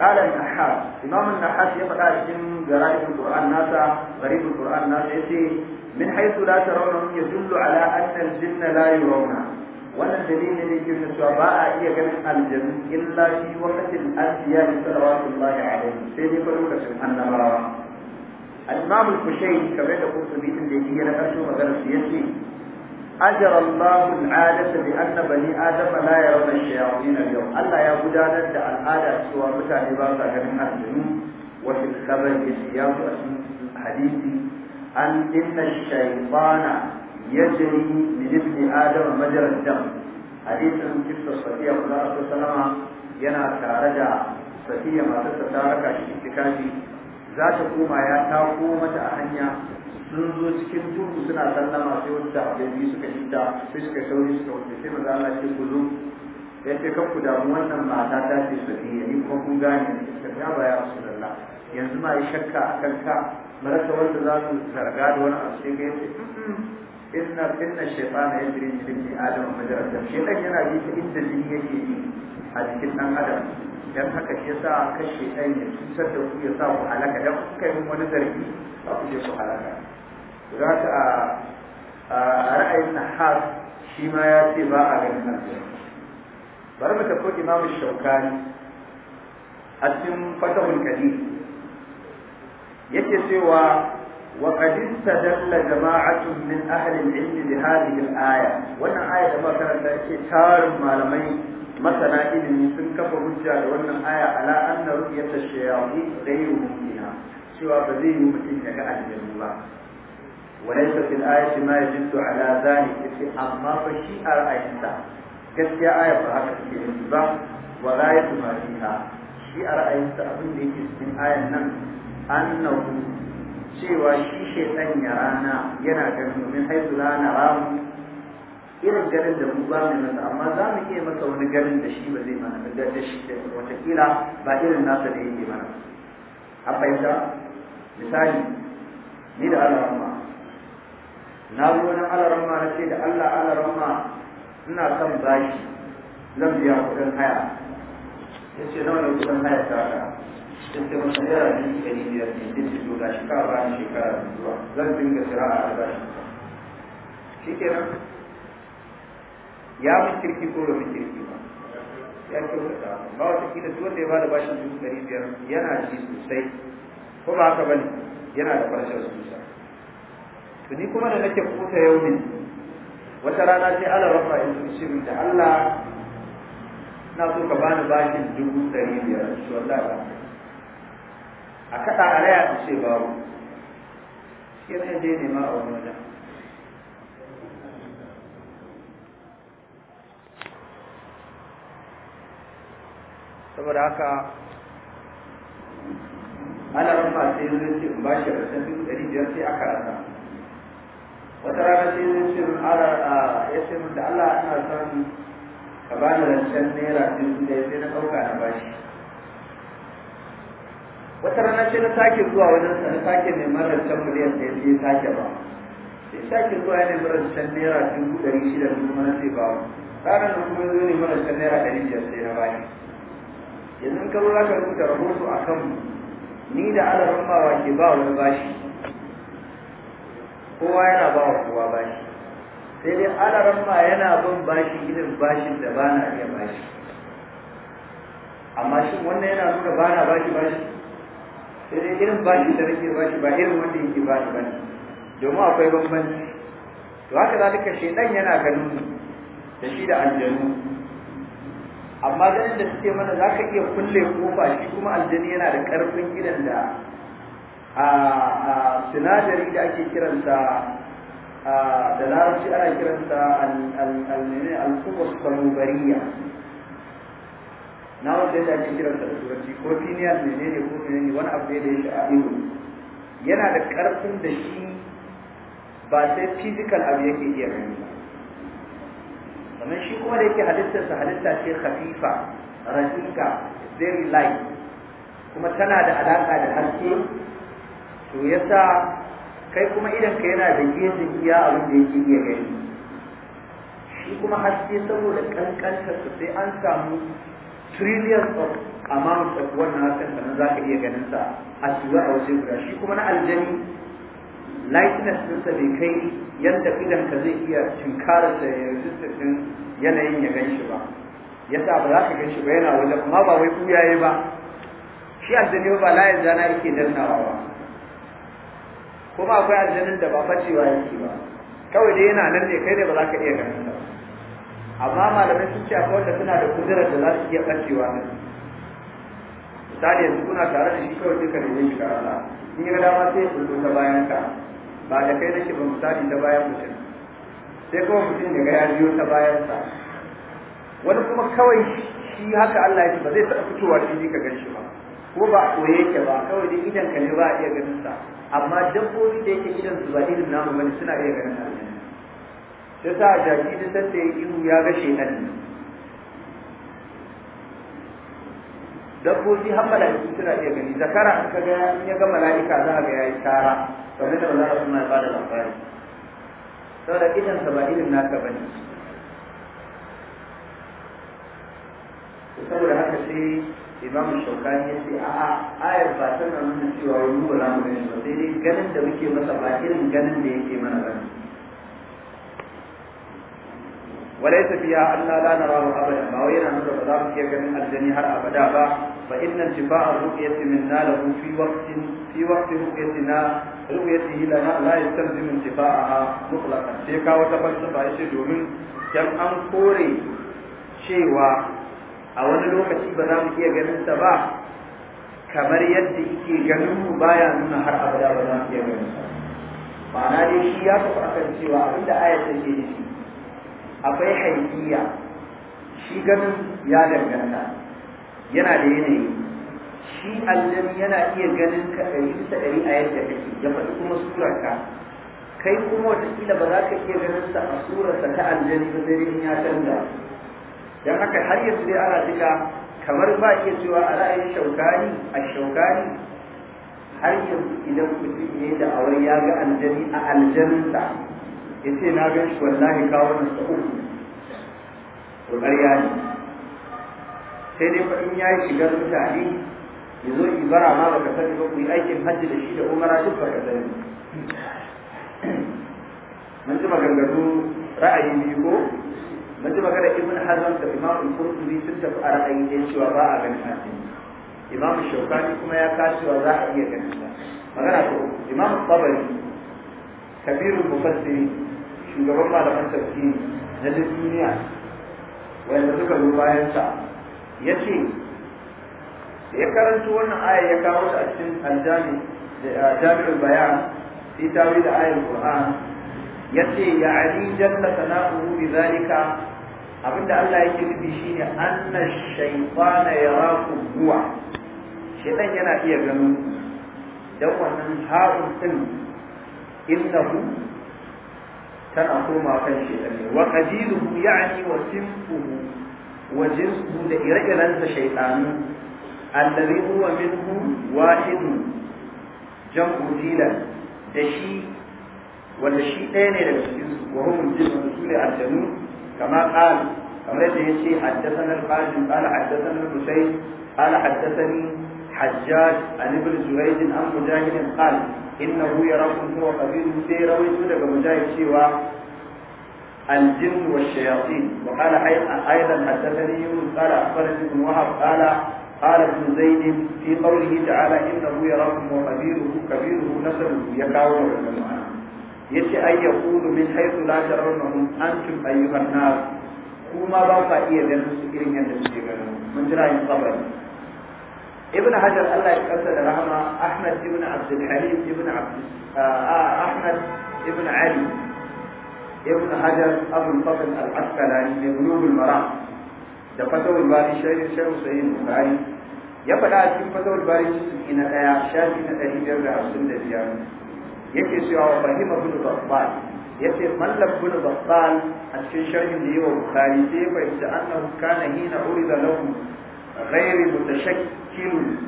قال النحاس إمام النحاس يبقى اسم غرائب القرآن ناسا غريب القرآن ناسا يسي من حيث لا ترونهم يدل على أن الجن لا يرونه wannan dalilin ne ke cewa ba a iya ganin aljanu illa shi wakatin asiya da salawatullahi alaihi sai dai fa lokacin annabawa al-imam al-kushayn kamar da kurtubi din da yake na karshe magana su yace ajara Allah al-adata bi anna bani adama la yarawna shayatin al-yawm Allah ya gudanar da al'ada cewa mutane ba sa ganin aljinu wa fil khabar yasiyasu asin hadisi an inna ash-shaytana yajri min ibni adama majra ad-dam hadisin kisa yana tare da safiya ta raka shi za ta koma ya tako mata a hanya sun zo cikin tudu suna sallama sai wata abin suka yi sai suka sauri suka wuce sai maza Allah ce ku zo ya ce kan ku damu wannan mata ta ce su ne ni kuma kun gane ta ta ba ya rasulullah yanzu ma yi shakka a kanka marasa wanda za su zarga da wani abu sai ga yace inna inna shaytana yajri min ibni adam majra dam shaytan yana bi ta inda jini yake yi a cikin ɗan adam don haka shi yasa kashe ɗan ya cutar da ku ya sa ku halaka don kuka yi wani zargi ba ku je su halaka za ka a ra'ayin nahar shi ma ya ce ba a ganin nan bari mu tafi imamu shaukani a cikin fatahul kadir yake cewa وقد استدل جماعة من أهل العلم بهذه الآية وأن آية ما كانت tarin malamai. masana ilimi sun kafa hujja da wannan aya ala anna ru'yata shayatin ghayru mumkina cewa ba zai yi mutum ya ga aljannu ba walaysa fil ayati ma yajidu ala zalik yace amma fa shi a ra'ayinsa gaskiya aya ba haka take nufi ba wa ra'ayatu ma fiha shi a ra'ayinsa abin da yake cikin ayan nan annahu cewa shi shaytan ya rana yana ganin min haythu la naramu irin ganin da mu ba mu masa amma za mu iya masa wani ganin da shi ba zai mana da da shi da kila ba irin nasa da yake mana Abba fahimta misali ni da rahma na zo na rahma na ce da allah rahma ina son bashi zan biya kuɗin haya ya ce nawa ne kuɗin haya ta haka sun ce masa yara ne ɗari biyar ne duk su ka ba bayan shekara zuwa zan dinga kira a albashi shi kenan ya mun kirki ko da mun kirki ba ya kyauta ba wata kila duk wanda ya bada bashin dubu ɗari biyar yana ji sosai ko ba haka bane yana da farashin sosai to ni kuma da nake kuta yau ne wata rana sai ala rafa in shi da Allah na so ka bani bashin dubu ɗari biyar su shi wallahi a kaɗa a raya in ce babu shi na je nema a wani wajen saboda haka ana rufa sai zai ce in bashi a san duk ɗari biyar sai aka rasa wata rana sai zai ce ara ya ce da Allah ana son ka ba ni rancen naira dubu da sai na ɗauka na bashi wata rana sai na sake zuwa wajen sa na sake neman rancen miliyan ya sai ya sake ba sai sake zuwa ya neman rancen naira dubu ɗari shida dubu mana sai ba ranar da kuma ne neman rancen naira ɗari biyar sai na bashi yanzu ka za ka rubuta rahoto a kanmu ni da alarin ba ke ba wani bashi kowa yana ba wa kowa bashi sai dai alarin ma yana bin bashi irin bashin da ba na iya bashi amma shi wannan yana nuna ba na bashi bashi sai dai irin bashi da nake bashi ba irin wanda yake bashi ba ne domin akwai bambanci to haka zalika shedan yana ganin da shi da aljanu amma dan da suke mana za ka iya kulle kofa shi kuma aljani yana da ƙarfin gidan da a sinadari da ake kiransa da larabci ana kiransa al-kubus salubariya na wanda ya ake kiransa da turanci ko ne menene ko menene wani abu da ya a ido yana da ƙarfin da shi ba sai physical abu yake iya gani ba sannan shi kuma da yake halittarsa halitta ce khafifa rafiqa very light kuma tana da alaka da haske to yasa kai kuma idan ka yana da gejin iya abin da yake iya gani shi kuma haske saboda kankanta su sai an samu trillions of amount of wannan hasken sannan za ka iya ganin sa a cewa a wasu guda shi kuma na aljani lightness ɗinsa bai kai yadda idan ka zai iya tunkarar da ya rijista ɗin yanayin ya gan shi ba yasa ba za ka gan shi ba yana wajen amma ba wai kuyaye ba shi aljani ba layin zana yake dannawa ba kuma akwai aljanin da ba facewa yake ba kawai dai yana nan ne kai ne ba za ka iya ganin ba amma malamai sun ce akwai wanda suna da kudurar da za su iya facewa nan misali yanzu kuna tare da shi kawai duka da yin shi Allah in yi ga dama sai ya ta bayan ka ba da kai nake ba misali da bayan mutum sai kuma mutum da ga ya biyo ta bayansa wani kuma kawai shi haka Allah ya ba zai taɓa fitowa shi ka gan shi ba ko ba a yake ba kawai dai idan ka ne ba a iya ganin sa amma dabbobi da yake idan su ba irin namu bane suna iya ganin sa sai sa jaji da sai ya ihu ya ga shi nan dabbobi har mala'iku suna iya gani zakara in kaga in ya ga mala'ika za a ga yayi tara kamar da Allah kuma ya bada labari saboda idan sa ba irin naka bane saboda haka sai Imam Shaukani ya ce a'a ayar ba tana nuna cewa wani mu ba za mu gani ba sai dai ganin da muke masa ba irin ganin da yake mana bane وليس فيها أن لا نراه أبدا ما فأوينا نظر ذلك من الجني هر أبدا فإن انتفاع الرؤية منا له في وقت في وقت رؤيتنا رؤيته لنا لا يستلزم انتفاعها مطلقا سيكا وتفلسفة يشد من كم أنكوري شيوا a wani lokaci ba za mu iya ganin sa ba kamar yadda yake ganin mu baya nuna har abada ba za mu iya ganin sa ma'ana dai shi ya tafi akan cewa abinda ayat take nufi akwai haifiya shi ganin ya danganta yana da yanayi shi aljani yana iya ganin ka ɗari bisa ɗari a yadda kake ya faɗi kuma surarka kai kuma watakila ba za ka iya ganin sa a surarsa ta aljani ba sai dai ya canza don haka har yanzu dai ana jika kamar ba iya cewa a ra'ayin shaukani a shaukani har yanzu idan mutum ne da aure ya ga aljani a aljaninsa yace na gan shi wallahi kawo na sa uku to ƙarya ne sai dai fa in yayi shigar mutane ya zo ibara ma baka sani ba ku yi aikin hajji da shi da umara duk baka sani mun ji maganganu ra'ayi biyu ko mun ji magana ibn hazan da imam al-qurtubi sun tafi a ra'ayin da cewa ba a ganin hajji imam shaukani kuma ya kasuwa wa za a iya ganin sa magana ko imam tabari Kabiru mufassiri shugaban malaman tafsiri na duniya wanda suka zo bayan sa yace da ya wannan aya ya kawo ta a cikin aljami da jami'ul bayan fi tawi da ayatul qur'an yace ya ali jalla sana'uhu bi zalika abinda Allah yake nufi shine anna shaytana yaraku huwa shedan yana iya ganin da wannan ha'un din innahu tana koma kan shaytan ne wa qadiluhu ya'ni wa sinfuhu wa jinsuhu ire-irensa shaytanu alladhi huwa minhu wahidun jam'u dilan da wanda shi ɗaya ne daga cikin su wa hum jinsu su ne aljanu kama qal yace haddathana al-qasim الحجاج عن ابن جريج عن مجاهد قال إنه يراكم هو قبيل سيرا ويسودك مجاهد شيوا الجن والشياطين وقال أيضا حدثني يونس قال أخبرني ابن وهب قال قال ابن زيد في قوله تعالى إنه يراكم وقبيله كبيره نسبه يكاون والجماعة يتي أن يقول من حيث لا ترونهم أنتم أيها الناس كما بقى إيه ذنبس إرين يندس من جرائم قبل ابن حجر الله يتقبل رحمه احمد ابن عبد الحليم ابن عبد آه احمد ابن علي ابن حجر ابو الفضل العسقلاني من قلوب المرام da fatawul bari shirin shirin sayin bukari ya faɗa a cikin fatawul bari cikin na ɗaya shafi na ɗari biyar da hamsin da biyar yake cewa wa fahima bin babbal ya ce mallam bin babbal a cikin sharhin da yi wa bukari sai ya fahimci annahu kana hina urida lahu ghairi mutashakki يمكن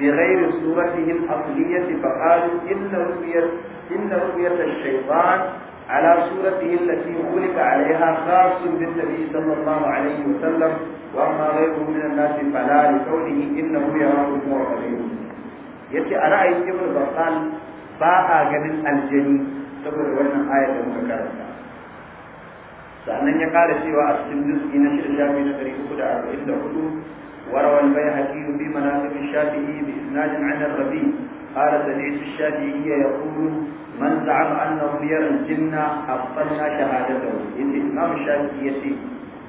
بغير صورته الأصلية فقالوا إن رؤية إن رؤية الشيطان على صورته التي خلق عليها خاص بالنبي صلى الله عليه وسلم وأما غيره من الناس فلا لقوله إنه يراه هو يأتي yace a ra'ayin ibn Battal ba a ganin aljani saboda wannan ayar da muka karanta sannan ya kara cewa a cikin وروى البيهقي في مناقب الشافعي بإسناد عن الربيع قال سمعت الشافعي يقول من زعم أنه يرى الجنة أبطلنا شهادته إن إمام الشافعي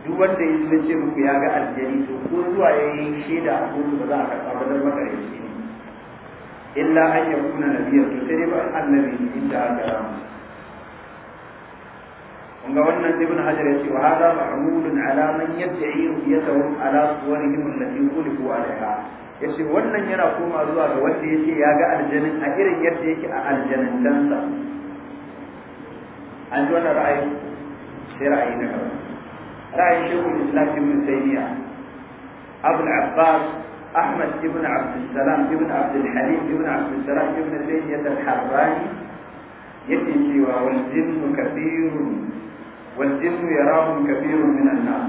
duk wanda ya zuwa ce muku ya ga aljani to ko zuwa ya yi shaida a ka ba za a karɓa ba zan maka yanzu illa an yakuna nabiyar to sai ba annabi inda aka ga wannan ibn hajar yace wa hada ma'mulun ala man yad'i ru'yatahum ala suwarihim allati khuliqu alaiha yace wannan yana koma zuwa ga wanda yace ya ga a irin yadda yake a aljanin dansa an ji wannan ra'ayi sai ra'ayi na gaba ra'ayin shekul islam ibn taymiya abu al-abbas ahmad ibn abd salam ibn abd al-halim ibn abd salam ibn taymiya al-harrani yake cewa والجن يراهم كثير من الناس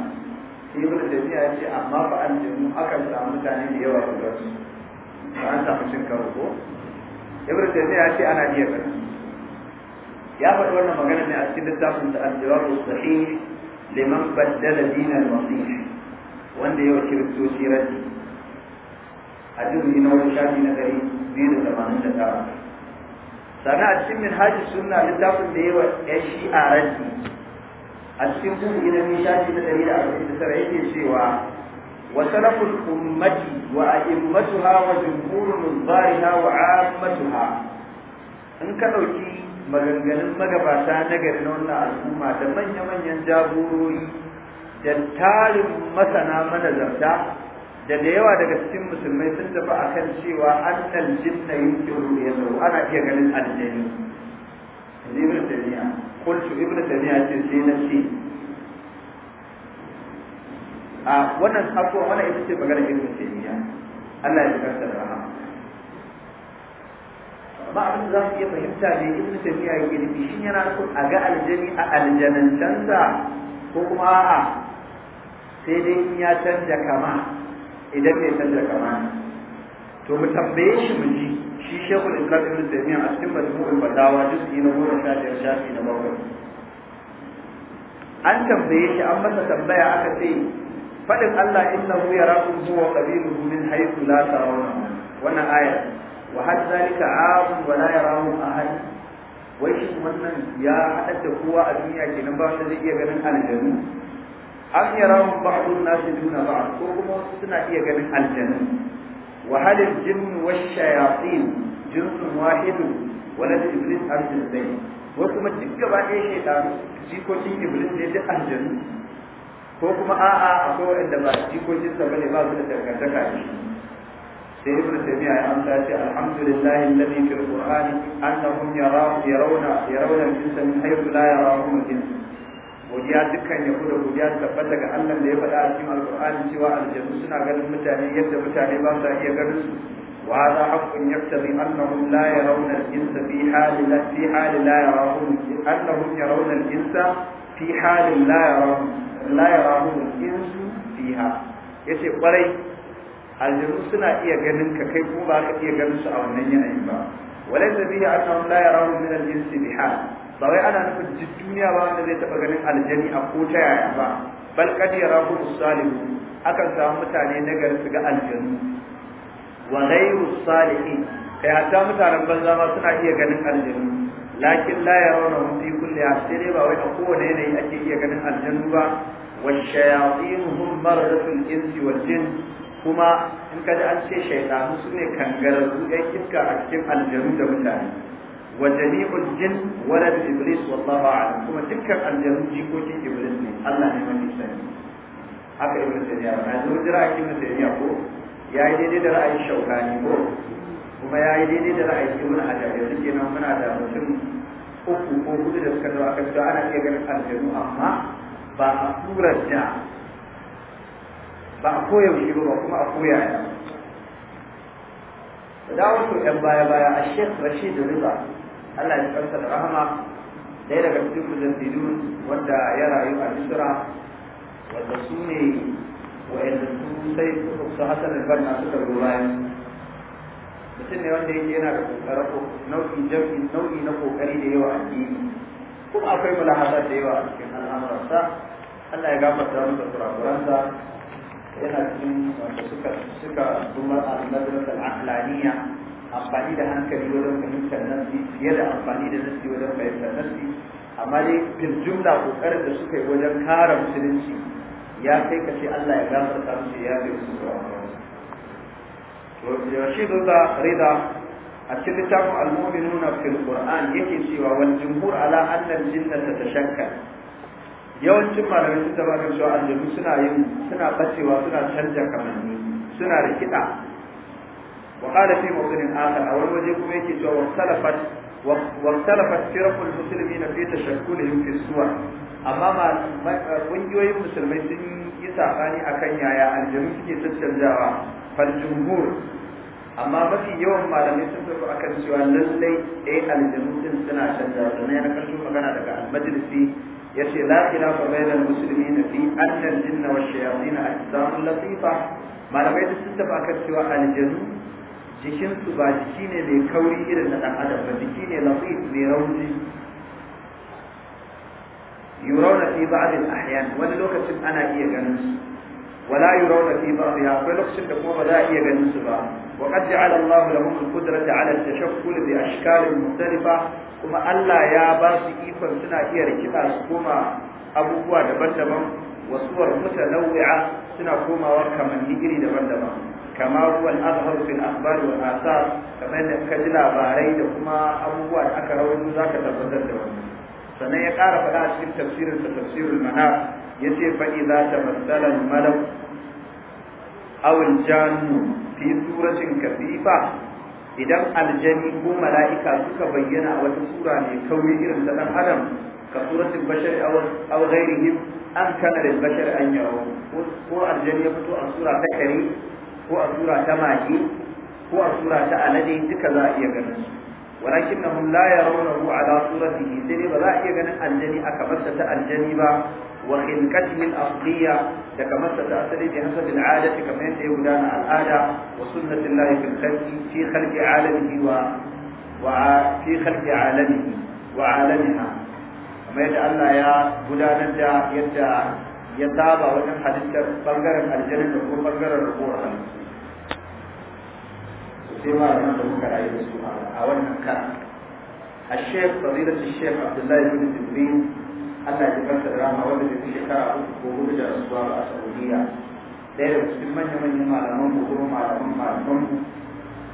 في من الجميع يأتي أما فأن جنو أكل سامن تاني ليه وقل رسو فأنت خشن كرسو يبر الجميع يأتي أنا ليه بنا يا فتوى أنه مغانا من أسكيد التاسم الجواب الصحيح لمن بدل دين المصيح وان دي يوشي بكسو أجل من أول شاكي نغري بيد الزمان الشتار سأنا أجل من هاج السنة للتاسم ليه وإشي آرتي a cikin kuku na biyu shafi na ɗari da arba'in da tara yake cewa wa salaful ummati wa a'immatuha wa jumhurul muzariha wa ammatuha in ka ɗauki maganganun magabata na gari na wannan al'umma da manya-manyan jagorori da tarin masana manazarta da da yawa daga cikin musulmai sun tafi kan cewa annal jinna yunkiru yanzu ana iya ganin aljani ibn tamiya kultu ibn tamiya ce sai na ce a wannan afuwa wannan ita ce magana ibn tamiya Allah ya karta da rahama amma abin da za su iya fahimta ne ibn tamiya yake nufi shin yana so a ga aljani a canza ko kuma a'a sai dai in ya canza kama idan bai canza kama to mu tambaye shi mu ji shi shekul islam ibn taymiya a cikin majmu'ul fatawa juz'i na goma sha biyar shafi na bakwai an tambaye shi an masa tambaya aka ce fadin Allah innahu yarakum huwa qabiluhu min haythu la tarawna wannan aya wa hal zalika aam wa la yarahu ahad wai shi wannan ya hada da kowa a duniya kenan ba wanda zai iya ganin aljanu am yarahu ba'dun nasi duna ba ko kuma suna iya ganin aljanu wa hal jinnu والشياطين جنس واحد ولد إبليس أرجلتين وكما تلك بعد شيطان جيكوتين إبليس لدى أرجل ko kuma a'a akwai wanda ba jikokin sa bane ba su da dangantaka ne sai ibn tabi'a ya amsa ce alhamdulillahi alladhi fil qur'ani annahum yarawna yarawna yarawna jinsa min haythu la yarawhum jinsa godiya dukkan yabo da godiya tabbata ga Allah da ya faɗa a cikin alqur'ani cewa Aljanu suna ganin mutane yadda mutane ba iya ganin su وهذا حق يقتضي أنهم لا يرون الجنس في حال لا في حال لا يراهم أنهم يرون الجنس في حال لا يراهم لا يراهم الجنس فيها يسي قري الجنسنا إيا جنن ككي قوباك إيا جنس أو نيا إيبا وليس فيه أنهم لا يرون من الجنس بحال ضوي أنا نقول جدوني أبان الذي تبغني الجني أقوتا يا إيبا بل قد يراهم الصالح أكثر متعني نقل فقال الجنس wa ghayru salihin kai hatta mutanen banza ma suna iya ganin aljanu lakin la yarawna fi kulli asiri ba wai a kowane yanayi ake iya ganin aljanu ba wa shayatin hum maradatul insi wal jin kuma in kaji an ce shaytanu sune kangararru ɗan iska a cikin aljanu da mutane وجميع الجن ولد ابليس والله اعلم كما تذكر ان جنوجي ne ابليس الله ما يسلم haka iblis ibn tayyiba na zo jira ibn tayyiba ko ya yi daidai da ra'ayin shaukani ko kuma ya yi daidai da ra'ayin ibn hajar yanzu kenan muna da mutum uku ko hudu da suka zo aka fito ana iya ganin aljanu amma ba a turar da ba a koyaushe ba kuma a koya ya da dawo su ɗan baya baya a shek rashid riba allah ya karsa da rahama ɗaya daga cikin mujaddidun wanda ya rayu a misira wanda su ne wa'in sai su hasan albanna suka zo bayan mutum ne wanda yake yana da nau'in jam'in nau'i na kokari da yawa a addini kuma akwai mulahazar da yawa a cikin al'amuransa Allah ya gafarta masa kurakuransa yana cikin wanda suka suka dumar al-madrasa amfani da hankali wajen fahimtar nafsi fiye da amfani da nafsi wajen fahimtar nafsi amma dai bin jumla kokarin da suka yi wajen kare musulunci ya kai ka Allah ya gafarta musu ya kai musu kurakuransu yaushe zo da rida a cikin littafin al nuna fil qur'an yake cewa wani jumhur ala anna al ta shakka. yawancin malamai sun taba kan cewa aljanu suna yin suna bacewa suna canja kamanni suna rikida wa qala fi mawdin akhar a wani waje kuma yake cewa wa salafat wa salafat firqul muslimina fi tashakkulihim fi suwar amma kungiyoyin musulmai sun yi sabani kan yaya aljanu suke tattanzawa fal jumhur amma mafi yawan malamai sun tafi a kan cewa lallai yi eh, aljanu din suna canza sannan ya karshe magana daga Ya ce, lafiya fa bai da musulmi na fi anna al-jinn wa shayatin ajsamun latifa malamai sun tafi a kan cewa aljanu jikinsu ba jiki ne mai kauri irin na ɗan adam ba jiki ne latif mai rauni yurauna fi ba'd al-ahyan wani lokacin ana iya ganin su wala yurauna fi ba'dha akwai lokacin da kuma ba za iya ganin su ba wa qad ja'ala Allah lahum al-qudrata 'ala at-tashakkul bi ashkal mukhtalifa kuma Allah ya basu su ikon suna iya rikida su koma abubuwa daban-daban wa suwar mutanawwi'a suna komawa kamanni iri daban-daban kama huwa al-azhar fi al-akhbar kamar da kaji labarai da kuma abubuwa da aka rawaito zaka tabbatar da wannan sannan ya ƙara faɗa a cikin tafsirin sa tafsirul manar ya ce faɗi za ta matsalar aw al janu fi suratin kafifa idan aljani ko mala'ika suka bayyana a wata sura ne kauri irin ta ɗan adam ka suratin bashar aw ghairihim an kana da bashar an yawo ko aljani ya fito a sura ta kare ko a sura ta mage ko a sura ta alade duka za a iya ganin su ولكنهم لا يرونه على صورته سيدي بلا يغنى الجني أكمسة الجني با وخلقته الأصلية كمسة أسلي بحسب العادة كما يدان العادة وسنة الله في الخلق في خلق عالمه و وفي خلق عالمه وعالمها كما يدعى الله يا بلان يدعى يتابع وجه حديث بنجر الجنة وبنجر الربوع sai ma nan da muka rayu da su a wannan kara الشيخ فضيلة الشيخ عبد الله بن جبريل Allah ya barka da rama wanda bai shekara uku ko hudu da rasuwa a Saudiya. Ɗaya daga cikin manya-manyan malaman mu kuma malaman malaman mu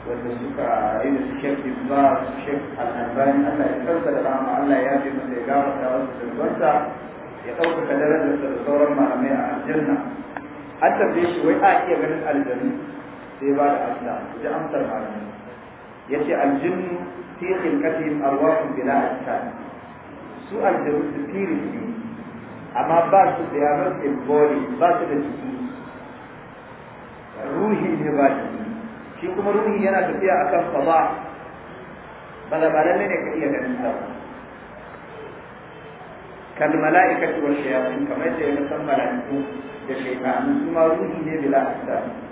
wanda suka yi da su Sheikh Ibba, su Sheikh Al-Albani, Allah ya barka da rama, Allah ya yafe masa ya gama da wasu zargonsa ya ɗaukaka darajarsa da sauran malamai a aljanna. An tambaye shi wai a iya ganin aljanu sai ba da amsa ji amsar malamai ya ce aljinnu fi khilqatihim arwahun bila ajsad su aljinnu spirit amma ba su da yaran body ba su da jiki ruhi ne ba jiki shi kuma ruhi yana tafiya akan fada ba da ba lalle ne ka iya kamar san da shaytanu kuma ruhi ne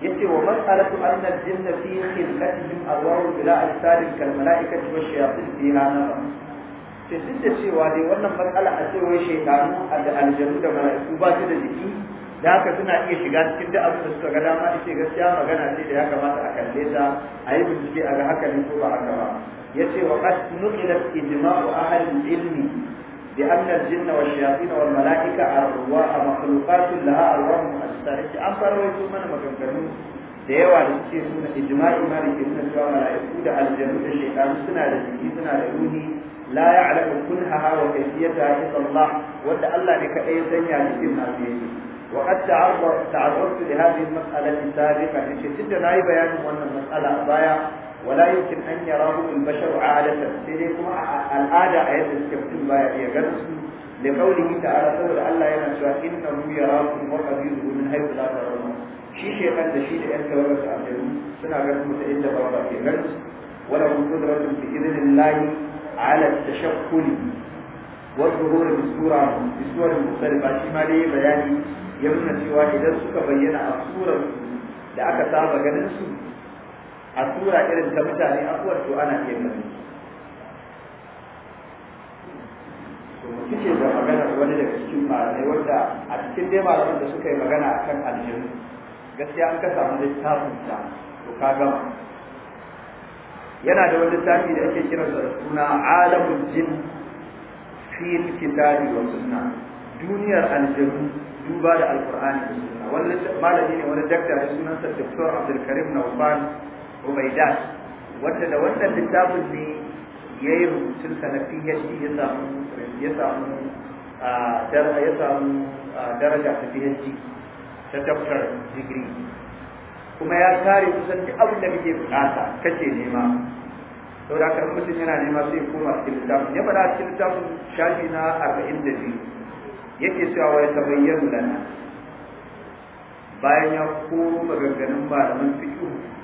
yace wa mas'alatu anna al-jinna fi khilqatihim arwahu al ajsadin kal mala'ikati wa shayatin fi nazar ce duk da cewa dai wannan matsala a ce wai a da aljanu da mala'iku ba su da jiki da haka suna iya shiga cikin duk abin da suka ga dama ce gaskiya magana ce da ya kamata a kalle ta a yi bincike a ga haka ne ko ba haka ba yace wa qad nuqilat ijma'u ahli al-ilmi لأن الجن والشياطين والملائكة أرواح مخلوقات لها أرواح مؤسسات أم فرويتو من مكانكم da yawa da suke suna ijma'i ma da ke nuna cewa da aljanu da shekaru suna da jiki suna da ruhi la ya'lamu kunhaha wa kayfiyataha illa Allah wadda Allah ne kadai ya sanya jikin nasu yake wa qad ta'arraftu li hadhihi al-mas'alati sabiqan yace tunda bayanin wannan matsala a baya wala yumkin an a al bashar adatan sai dai kuma al'ada a yadda suke mutum baya iya ganin su da kaulihi ta'ala saboda Allah yana cewa innahu yarakum wa qabiluhu min haythu la tarawun shi shekan da shi da yan suna inda ba ke ganin su وله قدرة بإذن الله على التشكل والظهور بصورة بصور مختلفة شما بياني يمنى سوى إذا سك الصورة da aka saba ganin su a tura irin ta mutane afuwar to ana iya gani to mu kike da magana wani daga cikin malamai wanda a cikin dai malamai da suka yi magana kan aljanu gaskiya an ka samu littafin ta to ka gama yana da wani tafi da ake kira da suna alamun jin fil kitabi wa suna. duniyar aljanu duba da alqur'ani da sunna wani malami ne wani dakta da sunansa tsohon abdulkarim na Nawfal Humaidan wanda da wannan littafin ne ya yi rubutun sanafi ya ya samu ya samu ya samu daraja ta PhD ta doctor degree kuma ya kare kusan duk abin da muke bukata kake nema saboda haka mutum yana nema sai koma cikin littafin ya faɗa cikin littafin shafi na arba'in da biyu yake cewa wai ta bayyana bayan ya koma maganganun malaman fiƙi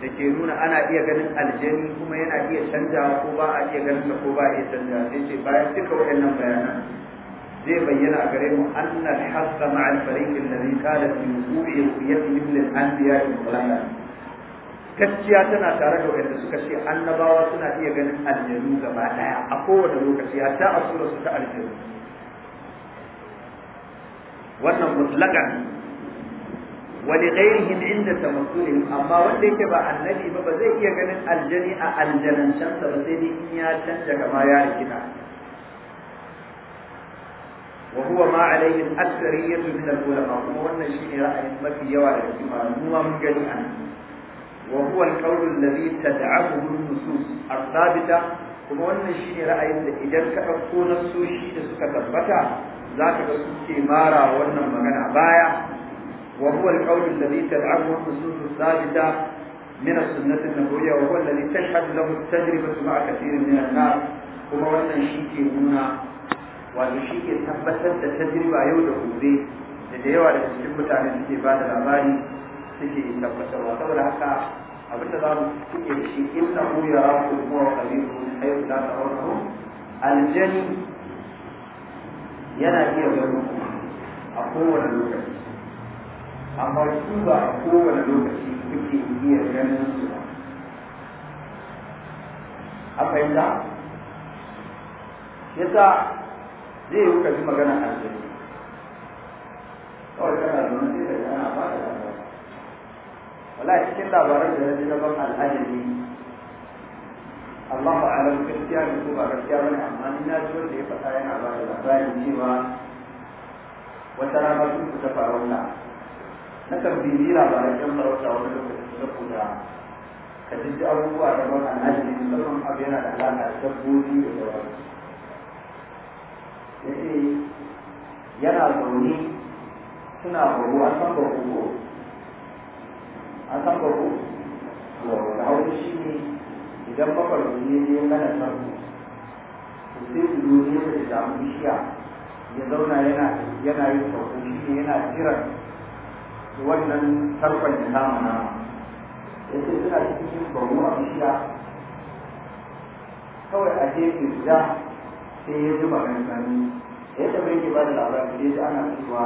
da ke nuna ana iya ganin aljani kuma yana iya canjawa ko ba a iya ganin ko ba a iya canjawa sai ce bayan duka waɗannan bayanan zai bayyana a gare mu anna hasa ma ma'a al-fariq alladhi qala fi wuqu'i ru'yati ibn al-anbiya al gaskiya tana tare da wanda suka ce annabawa suna iya ganin aljanu gaba daya a kowane lokaci hatta a su ta aljanu wannan mutlaqan wani ghairihim inda ne, amma wanda yake ba annabi ba ba zai iya ganin aljani a aljanancansa ba sai dai in ya canja kama ya rikita wa huwa ma alayhi al-akthariyya min al-ulama kuma wannan shine ra'ayin mafi yawa da kuma mu mun gani kuma wannan shine ra'ayin da idan ka na soshi da suka tabbata zaka ga suke mara wannan magana baya وهو القول الذي تدعمه النصوص الثابتة من السنة النبوية وهو الذي تشهد له التجربة مع كثير من الناس kuma wannan shi ke nuna wato shi ke tabbatar da tajriba yau da gobe da da yawa da cikin mutane suke ba da labari suke tabbatarwa saboda haka abin za mu suke da shi in na mu yana iya ganin kowane lokaci amma su ba a kowane lokaci suke iya ganin su ba a fahimta yasa zai yi kaji magana aljani kawai kana zaune sai da yana ba da labari wala cikin labaran da na ji na ban al'ajabi Allah ba alam gaskiya da ko ba gaskiya bane amma ni na ji wanda ya faɗa yana ba da labarin cewa wata rana sun fita faruwa na kan bibi labaran yan sarauta wani lokaci saboda ka ji abubuwa da ban alhaji musamman abu yana da alaƙa da dabbobi da sauransu ya ce yana zaune suna baro a san ko an san barko to da hausa shi ne idan mafarki ne ne kana sarko to sai su zo ne da samu bishiya ya zauna yana yana yin sauko shi ne yana jiran wannan tarkon da na ya ce suna cikin bamu a bishiya kawai a gefe guda sai ya zuba sami ya taɓa yake ba da labarin da ya ana cewa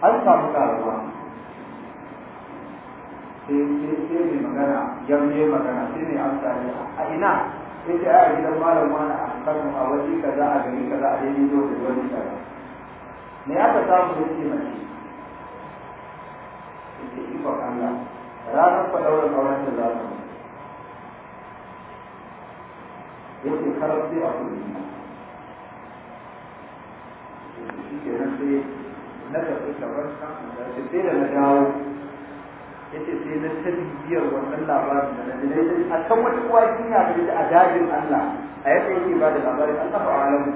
an samu karuwa sai mai magana yamne magana sai mai amsa ne a ina sai ce a gidan malam wani a kanu a waje kaza a gari kaza a daidai da wani kaza me aka samu sai ce mace da ikon Allah ranar faɗaurin auren da za su yake karar sai a kudi shi ke nan sai na karɓi kamar san da sai da na dawo ya ce sai na ta biyar wannan labarin da na ji na a kan wata uwa duniya da ji a dajin Allah a yadda yake ba da labarin Allah ba a alamu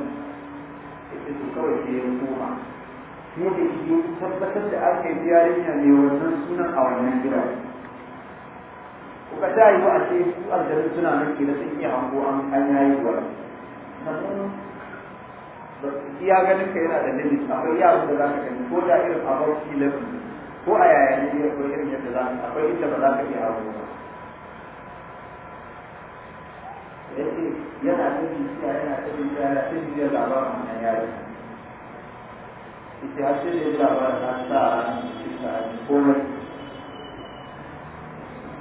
ya ce to kawai sai ya koma Mu da shi tabbatar da aka yi yarinya ne wannan sunan a wannan gida kuka ta yi wa a ce su aljarin suna nan ke da sun yi hango an an yayi wa iya ganin ka yana da nemi akwai yaro da za ka gani ko da irin abar bauchi lafi ko a yaya ne akwai irin yadda za ka akwai inda ba za ka iya hango ba yace yana ta jijiya yana ta jijiya yana ta jijiya a wannan yaran ita ya ce da ya labarin an sa a ranar cikin komai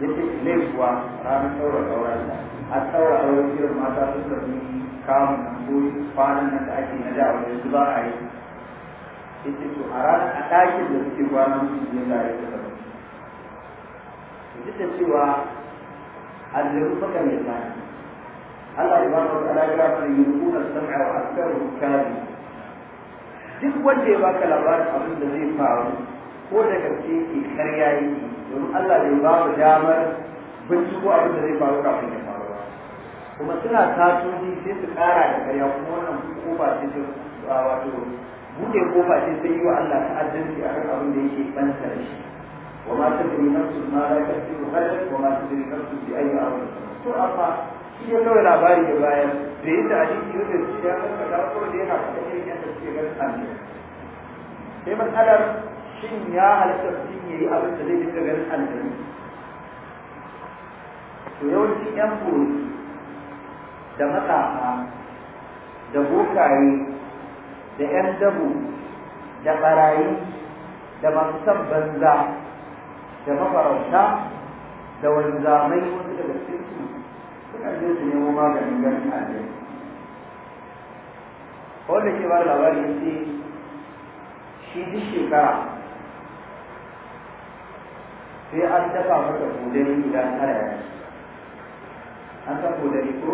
ya ce ne kuwa ranar ɗaura a ɗaura ɗauran irin mata sun sami kamun nan ko kwanan nan da ake yi ita a ɗakin da suke kwana musu yin zare da sami cewa aljanu baka mai zani Allah ya ba mu ta'ala ya fara yin kuna sam'a wa aktaru kadi duk wanda ya baka labarin abin da zai faru ko da gaske ke karya yi domin Allah bai ba mu damar binciko abin da zai faru kafin ya faru ba kuma suna tasiri sai su kara da karya kuma wannan kofa ce ta wato bude kofa ce sai yi wa Allah ta'addanci a kan abin da yake banta da shi wa ma tadri nafsu ma la tasiru ghadan wa ma tadri nafsu bi ayyi amrin to amma shi ya kawai labari da baya da yadda a jiki yadda su ya kasa da ko da yana da irin yadda suke ganin hannu sai matsalar shin ya halatta mutum ya yi abin da zai dinga ganin hannu to yawancin yan buru da matsafa da bokaye da yan dabo da barayi da masu banza da mafarauta da wanzamai wasu daga cikin kan je su nemo maganin ganin aljanna wanda ke ba labari ya ce shi duk shekara sai an dafa masa kodari idan tara ya an san kodari ko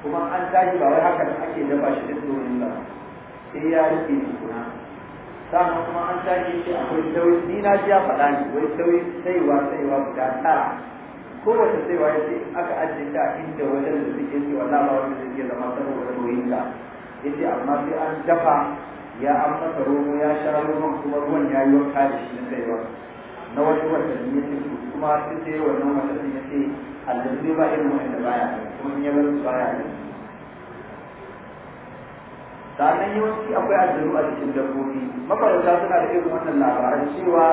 kuma an tashi ba wai hakan ake dafa shi duk domin ba sai ya rufe ne kuna sannan kuma an tashi shi akwai sauyi ni na ji ya faɗa ne wai sauyi saiwa saiwa guda tara kowace sai waye sai aka ajiye ta inda wajen da suke ce wa ba wanda zai suke zama saboda nauyin ya ce amma sai an dafa ya an masa romo ya sha roman kuma ruwan ya yi wanka da shi na kaiwa. na wasu watanni ya ce kuma sun ce wannan watanni ya ce zai ba irin wanda baya kuma ya bar su baya ne sannan yawanci akwai aljanu a cikin dabbobi mafarauta suna da irin wannan labaran cewa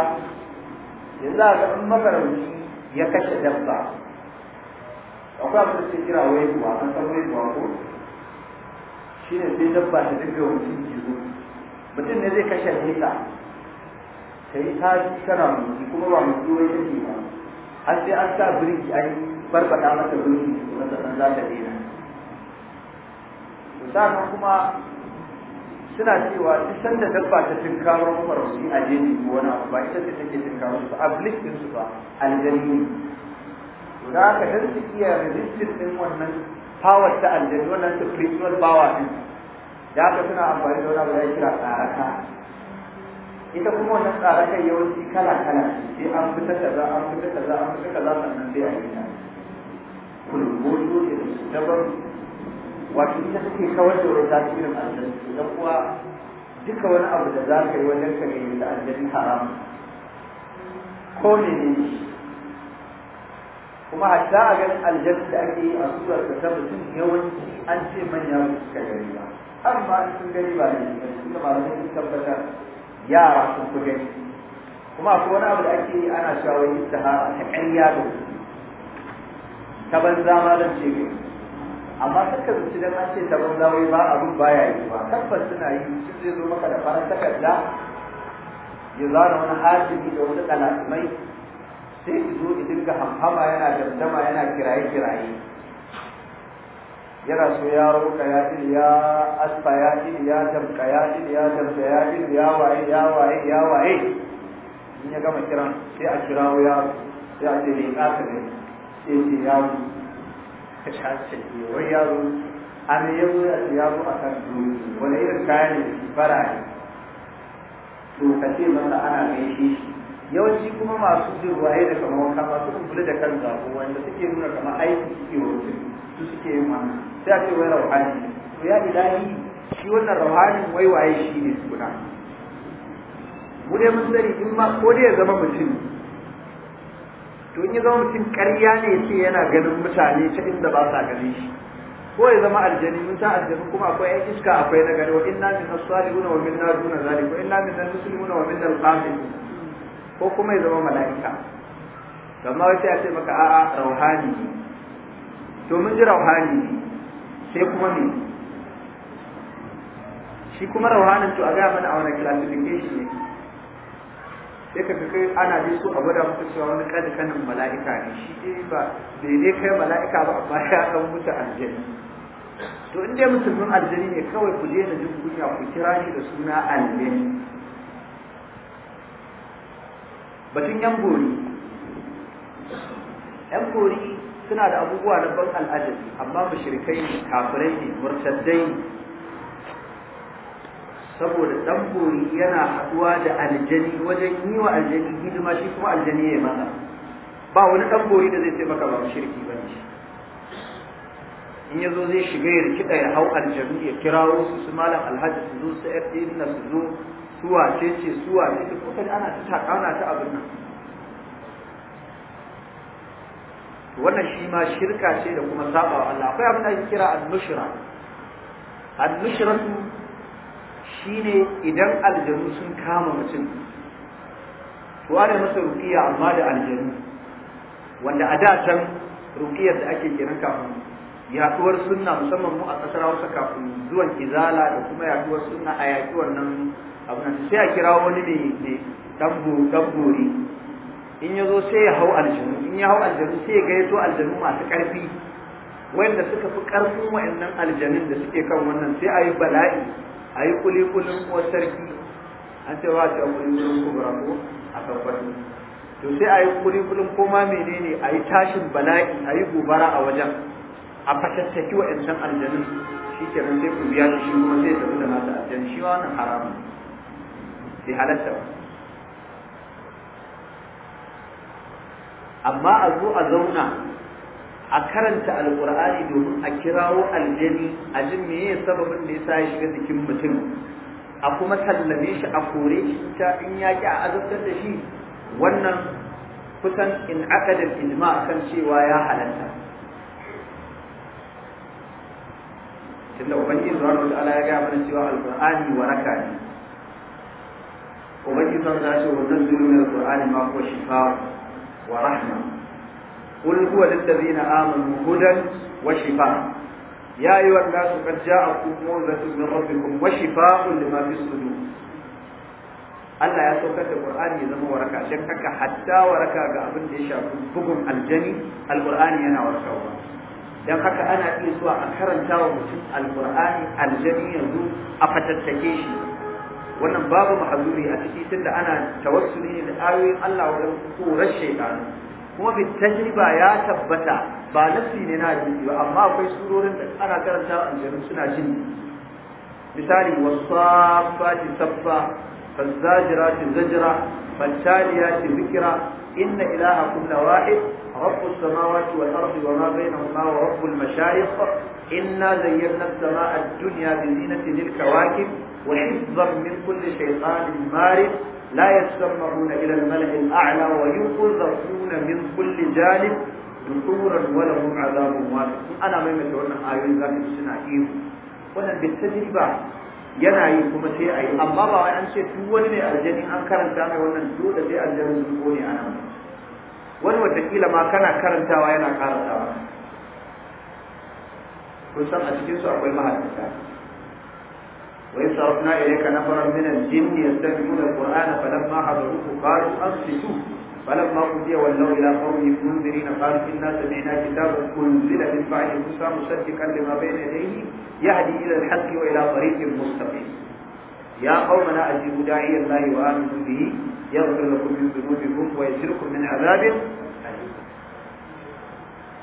yanzu a ga in mafarauci ya kashe dabba akwai abin da suke kira wai kuwa an san wai kuwa ko shi ne sai dabba ta dinga mutum zo mutum ne zai kashe nesa ta yi ta tana mutu kuma ba mutu wai take ba har sai an sa birki an barbada mata birki kuma san za ta daina. Sannan kuma suna cewa duk sanda dabba ta tinkaro farauci a jeji ko wani abu ba ita ce take tinkaro su ablik din su ba aljanni to da aka dan su iya resistin din wannan power ta aljanni wannan spiritual power din da aka suna amfani da wani abu da kira tsaraka ita kuma wannan tsaraka yawanci kala kala sai an fita kaza an fita kaza an fita kaza sannan sai a yi ta Kullum ko ne da dabar wato ita take kawar da wani tasirin aljanu da kuwa duka wani abu da za ka yi wajen ka mai da aljanu haram ko ne ne kuma hatta a ganin aljanu da ake yi a surar da ta mutum yawanci an ce manya su suka gari ba amma an sun gari ba ne da malamai sun tabbatar yara sun fi gani kuma akwai wani abu da ake yi ana shawarar ta ƙarya da ta banza ma zan ce gani amma suka zuci don an ce tabar zawai ba abin baya yi ba tabbas suna yi shi zai zo maka da fara takarda ya zara wani hajimi da wani ɗalaɗumai sai su zo ki dinga hamhama yana damdama yana kiraye-kiraye yana so ya roka ya ɗin ya asfa ya ɗin ya damka ya ɗin ya damka ya ɗin ya waye ya waye ya waye in ya gama kiran sai a kirawo ya sai a ce ne ƙasa ne sai ce yaro ka ci hankali wai yaro an yau da yaro a kan duniya wani irin kaya ne fara ne to ka ce masa ana gaishe shi yawanci kuma masu jin waye da kamar wanka masu kumbula da kan zabo wanda suke nuna kamar aiki suke wa su suke yin wannan sai a ce wai rauhani to ya ilahi shi wannan rauhanin wai waye shi ne suna mu dai mun sani in ma ko dai ya zama mutum to in ya zama mutum ƙarya ne ce yana ganin mutane ta inda ba sa gani shi ko ya zama aljani mun san aljani kuma akwai yan iska akwai na gani wa inna min as-salihun wa minna duna zalika wa inna min al-muslimun wa minna al ko kuma ya zama mala'ika amma wai sai a ce maka a'a rauhani to mun ji rauhani sai kuma ne. shi kuma rauhanin to a ga mana a wani classification ne sai ka kai ana dai su a gwada musu cewa wani kadi kanin mala'ika ne shi dai ba bai ne kai mala'ika ba amma ya san mutu aljani to in dai sun aljani ne kawai ku daina jin ji ku kira shi da suna aljani batun yan gori yan gori suna da abubuwa na ban al'ajabi amma mushrikai kafirai ne murtaddai ne saboda dan yana haɗuwa da aljani wajen yi wa aljani hidima shi kuma aljani ya masa ba wani dan da zai taimaka ba shirki ba ne. in ya zo zai shiga ya rikida ya hau aljanu ya kirawo su su malam alhaji su zo su fd na su zo su wace ce su wace ce kuka ana ta taka ana ta abin nan wannan shi ma shirka ce da kuma sabawa Allah akwai abin da ake kira annushra annushra shine idan aljanu sun kama mutum to ana masa ruqiya amma da aljanu wanda a da can ruqiyar da ake kenan kafin yaduwar sunna musamman mu a kasar Hausa kafin zuwan izala da kuma yaduwar sunna a yaduwar nan abin sai a kira wani ne dabbo In in yazo sai ya hau aljanu in ya hau aljanu sai ya gaito aljanu masu karfi wanda suka fi karfin wa'annan aljanin da suke kan wannan sai a yi bala'i a yi kulikulin kuwa sarki an ce ba ta kulikulin kubra ko a tabbatar to sai a yi kulikulin koma menene a yi tashin bala'i a yi gobara a wajen a fatattaki wa ƴan aljanun shi ke nan sai ku biya shi shi kuma sai tafi da nasa aljanun shi ma wannan haramun sai halatta ba amma a zo a zauna a karanta Alƙur'ani domin a kirawo aljani a jin meye sababin da yasa ya shiga jikin mutum a kuma sallame shi a kore shi ta in ya ki a azabtar da shi wannan kusan in akadar ijma kan cewa ya halatta tunda ubangiji subhanahu wataala ya gaya mana cewa alkur'ani waraka ne ubangiji subhanahu wataala ya ce wa nazzilu min alkur'ani ma huwa shifa wa rahma قل هو للذين آمنوا هدى وشفاء يا أيها الناس قد جاءكم موعظة من ربكم وشفاء لما في الصدور Allah ya saukar da Qur'ani ya zama waraka shin haka hatta waraka ga abin da ya shafi bugun aljani alqur'ani yana warkarwa dan haka ana iya zuwa a karanta wa mutum alqur'ani aljani yanzu a fatattake shi wannan babu mahazuri a ciki tunda ana tawassuli da ayoyin Allah wajen korar shaytanu kuma bi tajriba ya tabbata ba nafsi ne na ji ba amma akwai surorin da ana karanta a aljanu suna jin misali wasafati tabba fazajirati zajra fataliyati zikra inna ilaha wahid rabbu samawati wal ardi wa ilahakum lawahid رب السماوات mashayikh inna zayyana ورب المشايخ إنا زينا السماء الدنيا بزينة للكواكب وحفظا من كل شيطان مارد لا يتسمعون إلى الملأ الأعلى ويقذفون من كل جانب دثورا ولهم عذاب واحد أنا ما يمتعون آيون ذاك السنائيم wannan بالتجربة yana yi kuma sai a yi amma ba wai an ce duk wani ne aljani an karanta mai wannan dole sai aljanin zuko ne a nan wani watakila ma kana karantawa yana karantawa kun a cikinsu akwai mahalarta وإن صرفنا إليك نفرا من الجن يستمعون القرآن فلما حضروه قالوا أنصتوا فلما قضي ولوا إلى قوم منذرين قالوا إنا سمعنا كتابا أنزل من بعد موسى مصدقا لما بين يديه يهدي إلى الحق وإلى طريق مستقيم يا قومنا أجيبوا داعي الله وآمنوا به يغفر لكم من ذنوبكم ويسركم من عذاب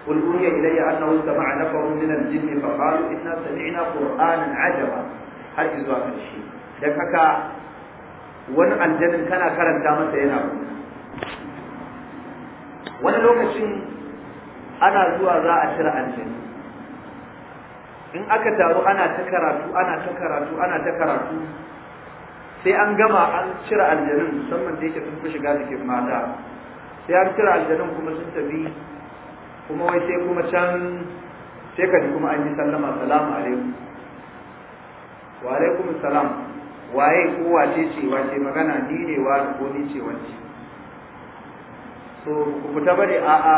قل أوحي إلي أنه استمع نفر من الجن فقالوا إنا سمعنا قرآنا عجبا har zuwa shi. don haka wani aljanin kana karanta masa yana wani lokacin ana zuwa za a cire aljani in aka taru ana ta karatu ana ta karatu ana ta karatu sai an gama an cire aljanin musamman da yake sun fi shiga jikin mata sai an cire aljanin kuma sun tafi kuma wai sai kuma can sai ka ji kuma an yi sallama salamu alaikum wa alaikum salam waye ko wace ce wace magana ni ne wa ko ni ce wace so ku fita bare a a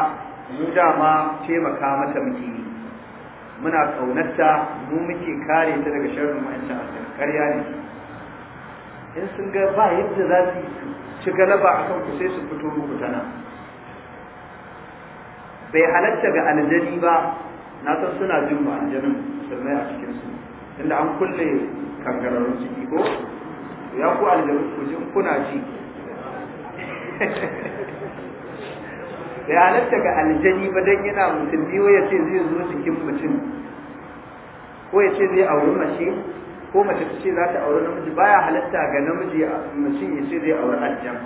mu dama taimaka mata muke muna kaunarta mu muke kare ta daga sharrin ma'aikata a karya ne in sun ga ba yadda za su ci galaba a kan ku sai su fito muku tana bai halatta ga aljani ba na san suna jin ba aljanin musulmai a cikin cikinsu tunda an kulle kankararrun ciki ko ya ku aljanu ku ji kuna ci ya halatta ga aljani ba dan yana mutum, wai ya ce zai zo cikin mutum ko ya ce zai auri mace ko mace ta ce za ta auri namiji baya halatta ga namiji mutum ya ce zai auri aljan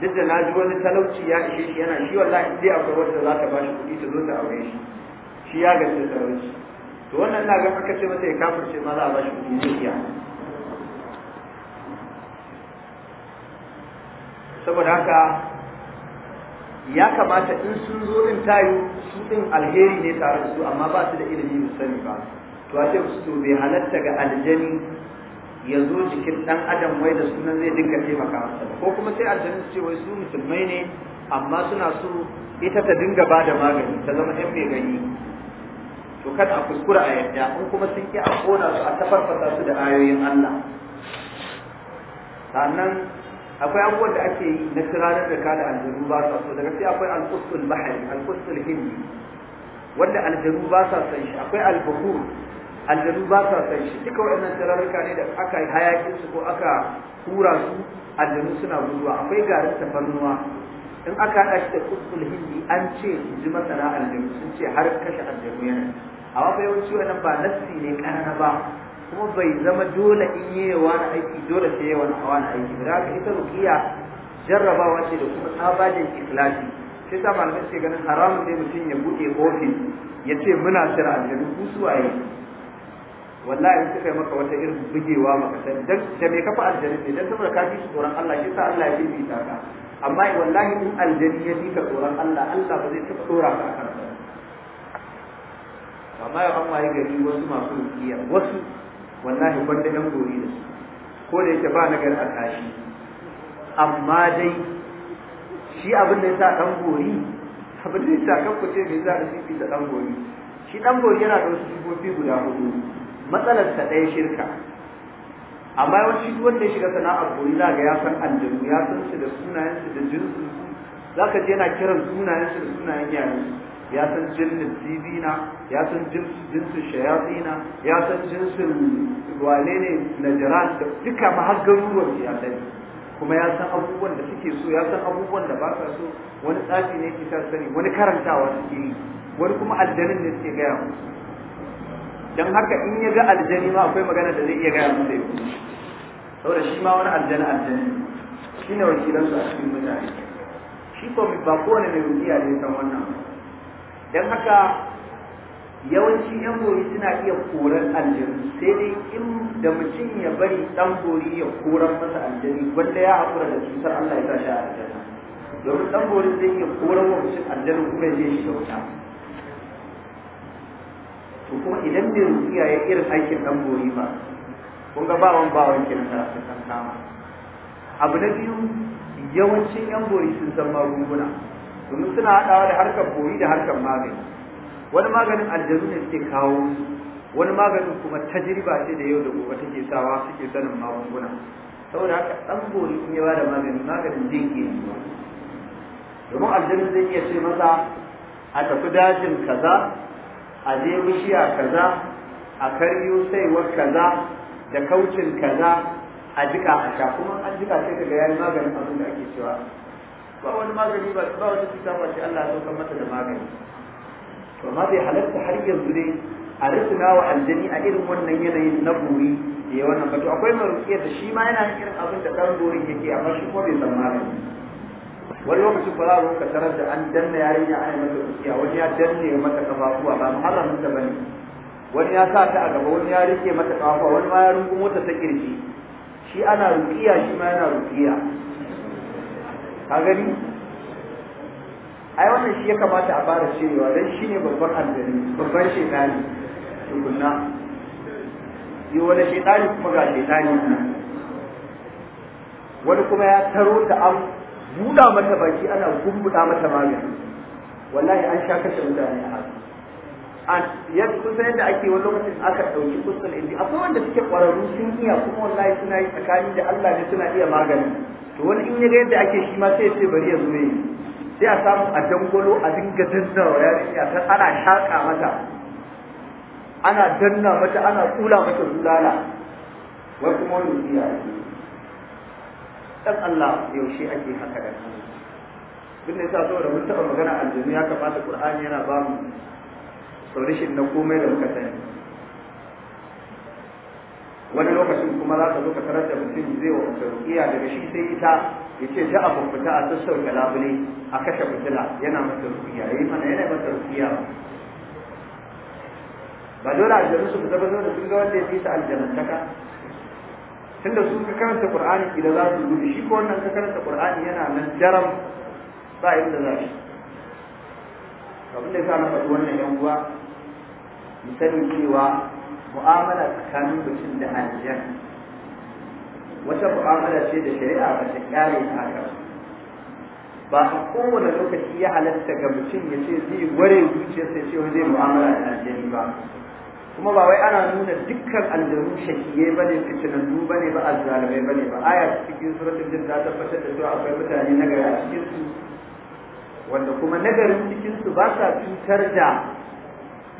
duk da na ji wani talauci ya ishe shi yana shi wallahi zai akwai wanda za ta ba shi kuɗi ta zo ta aure shi shi ya gaske shi. to wannan na ga aka ce mata ya kafirce ma za a bashi kuɗi zai iya saboda haka ya kamata in sun zo din tayu su din alheri ne tare da su amma ba su da ilimi sani ba to a ce su bai halatta ga aljani ya zo jikin ɗan adam wai da sunan zai dinga taimaka masa ko kuma sai aljani ce wai su musulmai ne amma suna so ita ta dinga ba da magani ta zama yan mai gani to kada a kuskura a yadda in kuma sun ki a kona su a tafarfasa su da ayoyin Allah sannan akwai abubuwan da ake yi na kiranar da kada aljanu ba sa so daga sai akwai alkustul bahari alkustul hindi wanda aljanu ba sa san shi akwai albuhur aljanu ba sa san shi duka waɗannan tsararruka ne da aka hayakin su ko aka hura su aljanu suna guduwa akwai garin tafarnuwa in aka haɗa shi da kustul hindi an ce ji masana aljanu sun ce har kashe aljanu yana amma fa yawanci wannan ba nassi ne karana ba kuma bai zama dole in yi wani aiki dole sai wani wani aiki ba haka ita rukiya jarrabawa ce da kuma tsabagen ikhlasi sai sa malamin ce ganin haramun ne mutum ya bude ofis ya ce muna tsira aljanu ku su waye wallahi suka yi maka wata irin bugewa maka sai dan da me kafa aljanu ne dan saboda ka ji tsoron Allah shi sa Allah ya bibita ka amma wallahi in aljanu ya bi ka tsoron Allah Allah ba zai taba tsora ka akan amma yau an waye gari wasu masu rukiya wasu wallahi wanda yan gori da su ko da yake ba nagar a tashi amma dai shi abin da sa dan gori abin da sa kanku ce me za a sifi da dan gori shi dan gori yana da wasu sifofi guda hudu matsalar sa ɗaya shirka amma yawanci duk wanda ya shiga sana'ar gori za ga ya san aljanu ya san shi da sunayensu da jinsu Za ka je yana kiran sunayen da sunayen yaransu ya san jinsin dibina ya san jinsin shayatina ya san jinsin wane ne na jiran da duka mahar garuruwan ya sani kuma ya san abubuwan da suke so ya san abubuwan da ba sa so wani tsafi ne ke sa sani wani karantawa suke yi wani kuma aljanin ne suke gaya musu dan haka in ya ga aljani ma akwai magana da zai iya gaya musu yau saboda shi ma wani aljani aljani shine wakilansu a cikin mutane shi ko ba kowane mai rubiya ne san wannan don haka yawanci yan gori suna iya koran aljanu sai dai in da mutum ya bari dan gori ya koran masa aljani wanda ya haƙura da cutar Allah ya sa shi a aljanna domin dan gori zai iya koran wa mutum aljanu kuma ya shi kyauta to kuma idan bai rufiya ya irin aikin dan gori ba kun ga ba wani bawan kina da aka kan kama abu na biyu yawancin yan gori sun san magunguna domin suna haɗawa da harkar koyi da harkar magani wani maganin aljanu ne suke kawo wani maganin kuma tajriba ce da yau da gobe take sawa suke sanin magunguna saboda haka ɗan bori in ya bada magani maganin zai iya yiwa domin aljanu zai iya ce maza a tafi dajin kaza a je bishiya kaza a karyo saiwar kaza da kaucin kaza a jika a sha kuma an jika sai daga yayi maganin abin da ake cewa ba wani magani ba ba wani cuta ba shi Allah ya saukar mata da magani to ma bai halatta har yanzu dai a rusuna wa aljani a irin wannan yanayin na buri da ya wannan bato akwai marukiyar da shi ma yana irin abin da ɗan burin yake amma shi kuma bai san magani wani lokacin ba za a roka tarar da an danna yarinya ana mata rukiya wani ya danne mata kafafuwa ba muharramin ba bane wani ya sa ta a gaba wani ya rike mata kafafuwa wani ma ya rungumo ta ta kirji shi ana rukiya shi ma yana rukiya ka gani ai wannan shi ya kamata a fara cewa don shi ne babban aljani babban shaitani tukunna yi wani shaitani kuma ga shaitani wani kuma ya taro ta an buɗa mata baki ana gumbuɗa mata magani wallahi an sha kashe mutane a an yadda kusa yadda ake wani lokacin aka ɗauki da indi akwai wanda suke ƙwararru sun iya kuma wallahi suna yi tsakani da Allah ne suna iya magani to wani in ya ga yadda ake shi ma sai ya ce bari ya zo yi sai a samu a dangwalo a dinga dannawa yarinya ta ana shaƙa mata ana danna mata ana kula mata zulala wai kuma wani iya dan Allah yaushe ake haka da kan bin yasa saboda mun taɓa magana aljanu ya kamata Qur'ani yana ba mu saurishin na komai da muka sani wani lokacin kuma za ka zo ka tarar da mutum zai wa rukiya daga shi sai ita ya ce ta abu fita a sassauka labule a kashe fitila yana mata rukiya yi mana yana mata rukiya ba dole a jami'u su fita ba dole sun ga wanda ya fi ta aljannantaka tunda su ka karanta qur'ani idan za su gudu shi ko wannan ka karanta qur'ani yana nan jaram ba inda za shi abin da ya sa na faɗi wannan yan uwa mu sani cewa mu'amala tsakanin mutum da aljan wata mu'amala ce da shari'a ba ta kyale ta haka ba a kowane lokaci ya halatta ga mutum ya ce zai ware sai ce zai mu'amala da aljani ba kuma ba wai ana nuna dukkan aljanu shakiye ba ne fitinannu ba ne ba azzalimai ba ne ba aya cikin suratun jin ta tabbatar da cewa akwai mutane nagari a cikin wanda kuma nagarin cikin su ba sa cutar da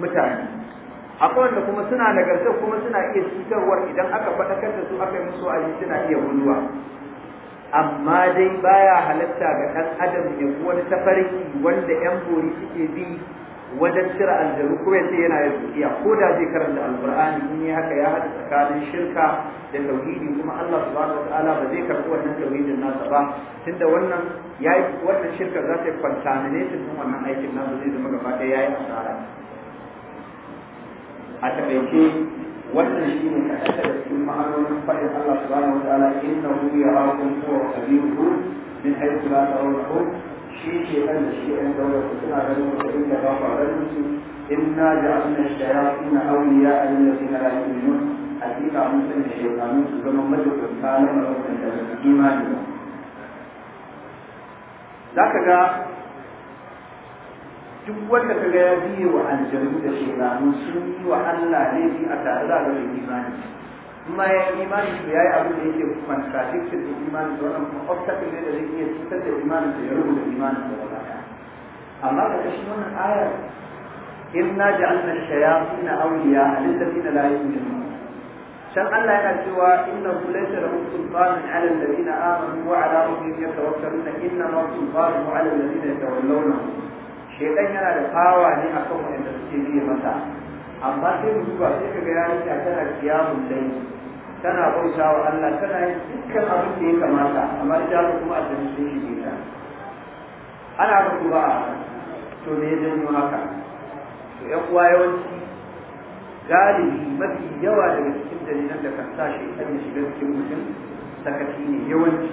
mutane akwai wanda kuma suna nagartar kuma suna iya cutarwar idan aka faɗakar da su aka yi musu ayi suna iya guduwa amma dai baya halatta ga ɗan adam ya wani tafarki wanda yan bori suke bi wajen cire aljanu ko ya yana yin rukiya ko da zai karanta alqur'ani in yi haka ya haɗa tsakanin shirka da tauhidi kuma Allah subhanahu ta'ala ba zai karɓi wannan tauhidin nasa ba tunda wannan yayi wannan shirka za ta yi contaminated wannan aikin nasa zai zama gaba ɗaya yayi asara a taƙaice wannan shi ne kaɗan da cikin ma'anonin faɗin Allah subhanahu wa ta'ala inna hu ya rakun huwa kabiru min haythu la ta'lamu shi ke kan da shi ɗan dawo ko suna ganin wata inda ba ku ganin su inna ja'alna shayatin awliya alladhina la yu'minun hakika mun san da shaytanu su zama majalisa na marautan da imani ba za ka ga duk wanda ka ga ya biye wa aljanu da shekaru sun yi wa Allah laifi a tare da ga imani kuma ya yi imani to ya yi abin da yake contradiction da imani da wannan kuma obstacle ne da zai iya cutar da imanin da ya rubuta imanin da gaba ɗaya amma ka kashi wannan ayar inna ja'alna shayatin awliya lillazina la yu'minun شان الله يقول سوى إنه ليس له سلطان على الذين آمنوا وعلى ربهم يتوكلون إنما سلطانه على الذين يتولونه shekan yana da fawa ne a kan wanda suke biye masa amma sai mu duba sai ka ga yarinya tana kiyamun laifi tana bauta wa Allah tana yin dukkan abin da ya kamata amma ita kuma a tsanin sun shige ta ana ba ku ba to ne yi haka to ya uwa yawanci galibi mafi yawa daga cikin dalilan da kan sa kan ya shiga cikin mutum sakaci ne yawanci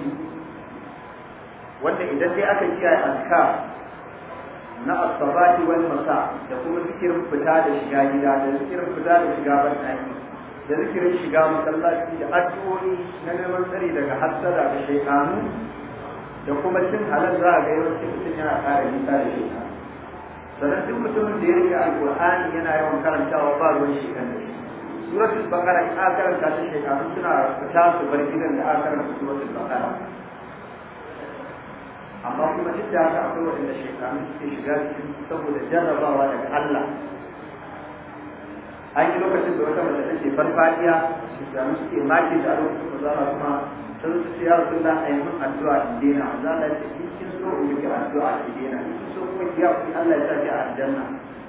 wanda idan sai aka kiyaye azkar na asabati wal masa da kuma zikirin fita da shiga gida da zikirin fita da shiga banɗaki da zikirin shiga masallaci da addu'o'i na neman tsari daga hassada da shaytanu da kuma cin halal za a yau cikin mutum yana ƙara nisa da shaytanu sannan duk mutumin da ya rike alƙur'ani yana yawan karantawa ba ruwan shaytan da shi suratul baqara in aka karanta ta shaytanu suna fita su bar gidan da aka karanta suratul baqara amma kuma duk da haka akwai waɗanda shekaru suke shiga cikin saboda jarrabawa daga Allah an yi lokacin da wata mace take farfadiya shekaru suke maki da lokacin za a kuma sun su ce ya rasu da addu'a a daina za a ce in kin so in yi addu'a a daina in kin so kuma ki ya kuɗi Allah ya sa ki a aljanna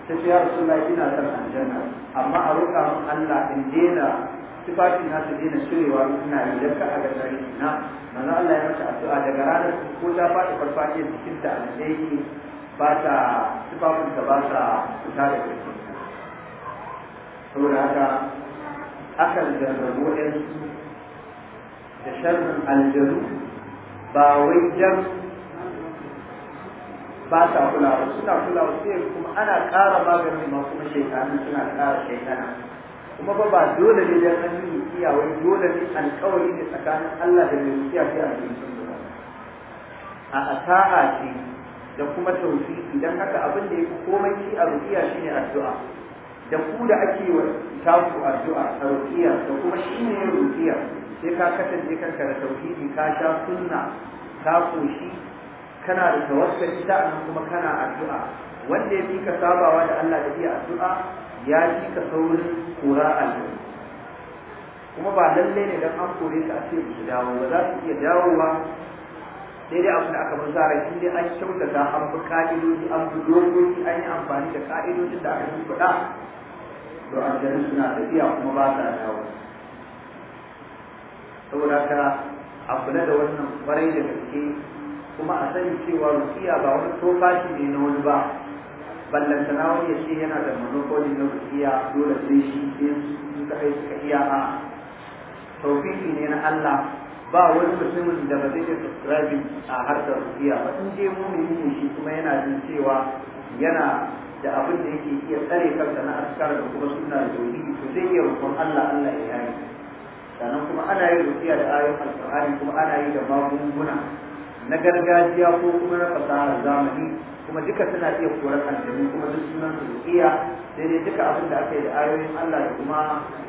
ta ce ya rasu ina son aljanna amma a roƙa Allah in daina tufafi na su daina cirewa suna yi don ka'a a ga tsari na manzo Allah ya mata addu'a daga ranar ko ta faɗi farfajiyar cikin ta a da yake ba ta tufafin ta ba ta fita da kai saboda haka akan jarrabu ɗansu da sharrin aljanu ba wai jan ba ta kulawa suna kulawa sai kuma ana ƙara maganin ma kuma shekaru suna ƙara shekara kuma ba ba dole ne dan an yi rukiya wai dole ne an kawai ne tsakanin Allah da mai rukiya sai a cikin sunna a ata'a ce da kuma tauhidi idan haka abin da yake komai shi a ruqiya shine addu'a da ku da ake wa taku addu'a a ruqiya da kuma shine ruqiya sai ka kasance kanka da tauhidi ka sha sunna ka shi kana da tawakkali sa'an kuma kana addu'a wanda ya fi ka sabawa da Allah da iya addu'a ya fi ka saurin kura aljanna kuma ba lalle ne dan an kore ta a ce su dawo ba za su iya dawowa sai dai abu da aka bar zara shi dai an da an bi ka'idoji an bi dokoki an yi amfani da ka'idojin da aka yi faɗa to aljanna suna tafiya kuma ba sa dawo saboda ka abu da wannan kwarai da gaske kuma a sani cewa rufiya ba wani tofashi ne na wani ba ballantana wani ya ce yana da monopoly na dole sai shi sai su kai suka iya a taufiki ne na Allah ba wani mutumin da ba zai subscribing a harkar rufiya. ba in je mumini ne shi kuma yana jin cewa yana da abin da yake iya tsare kansa na askar da kuma suna da tauhidi to zai iya roƙon Allah Allah ya yi sannan kuma ana yin rukiya da ayoyin alkur'ani kuma ana yi da magunguna na gargajiya ko kuma na fasahar zamani kuma duka suna iya koran aljanu kuma duk sunan su iya sai dai duka abin da aka yi da ayoyin Allah da kuma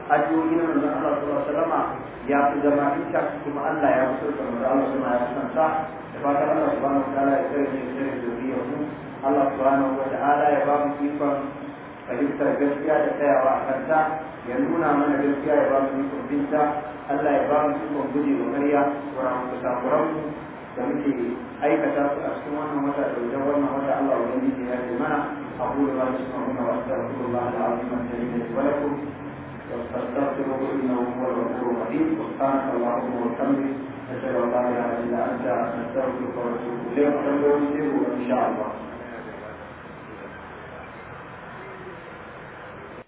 ajiyoyi na manzon Allah sallallahu alaihi wasallam ya fi zama insha kuma Allah ya fito da manzon Allah kuma ya kusanta da fatan Allah subhanahu wa ta'ala ya kare ne da zuriyar mu Allah subhanahu wa ta'ala ya ba mu ikon fahimtar gaskiya da tsayawa a kanta ya nuna mana gaskiya ya ba mu ikon binta Allah ya ba mu ikon gujewa ƙarya wa rahmatullahi wa barakatuh da muke aikata su a cikin wannan wata da wajen wannan wata أقول ما تسمعون وأستغفر الله العظيم الجليل لي ولكم واستغفروه إنه هو الغفور الرحيم سبحانك اللهم وبحمدك أشهد أن لا إله إلا أنت أستغفرك وأتوب إليك وأتوب إن شاء الله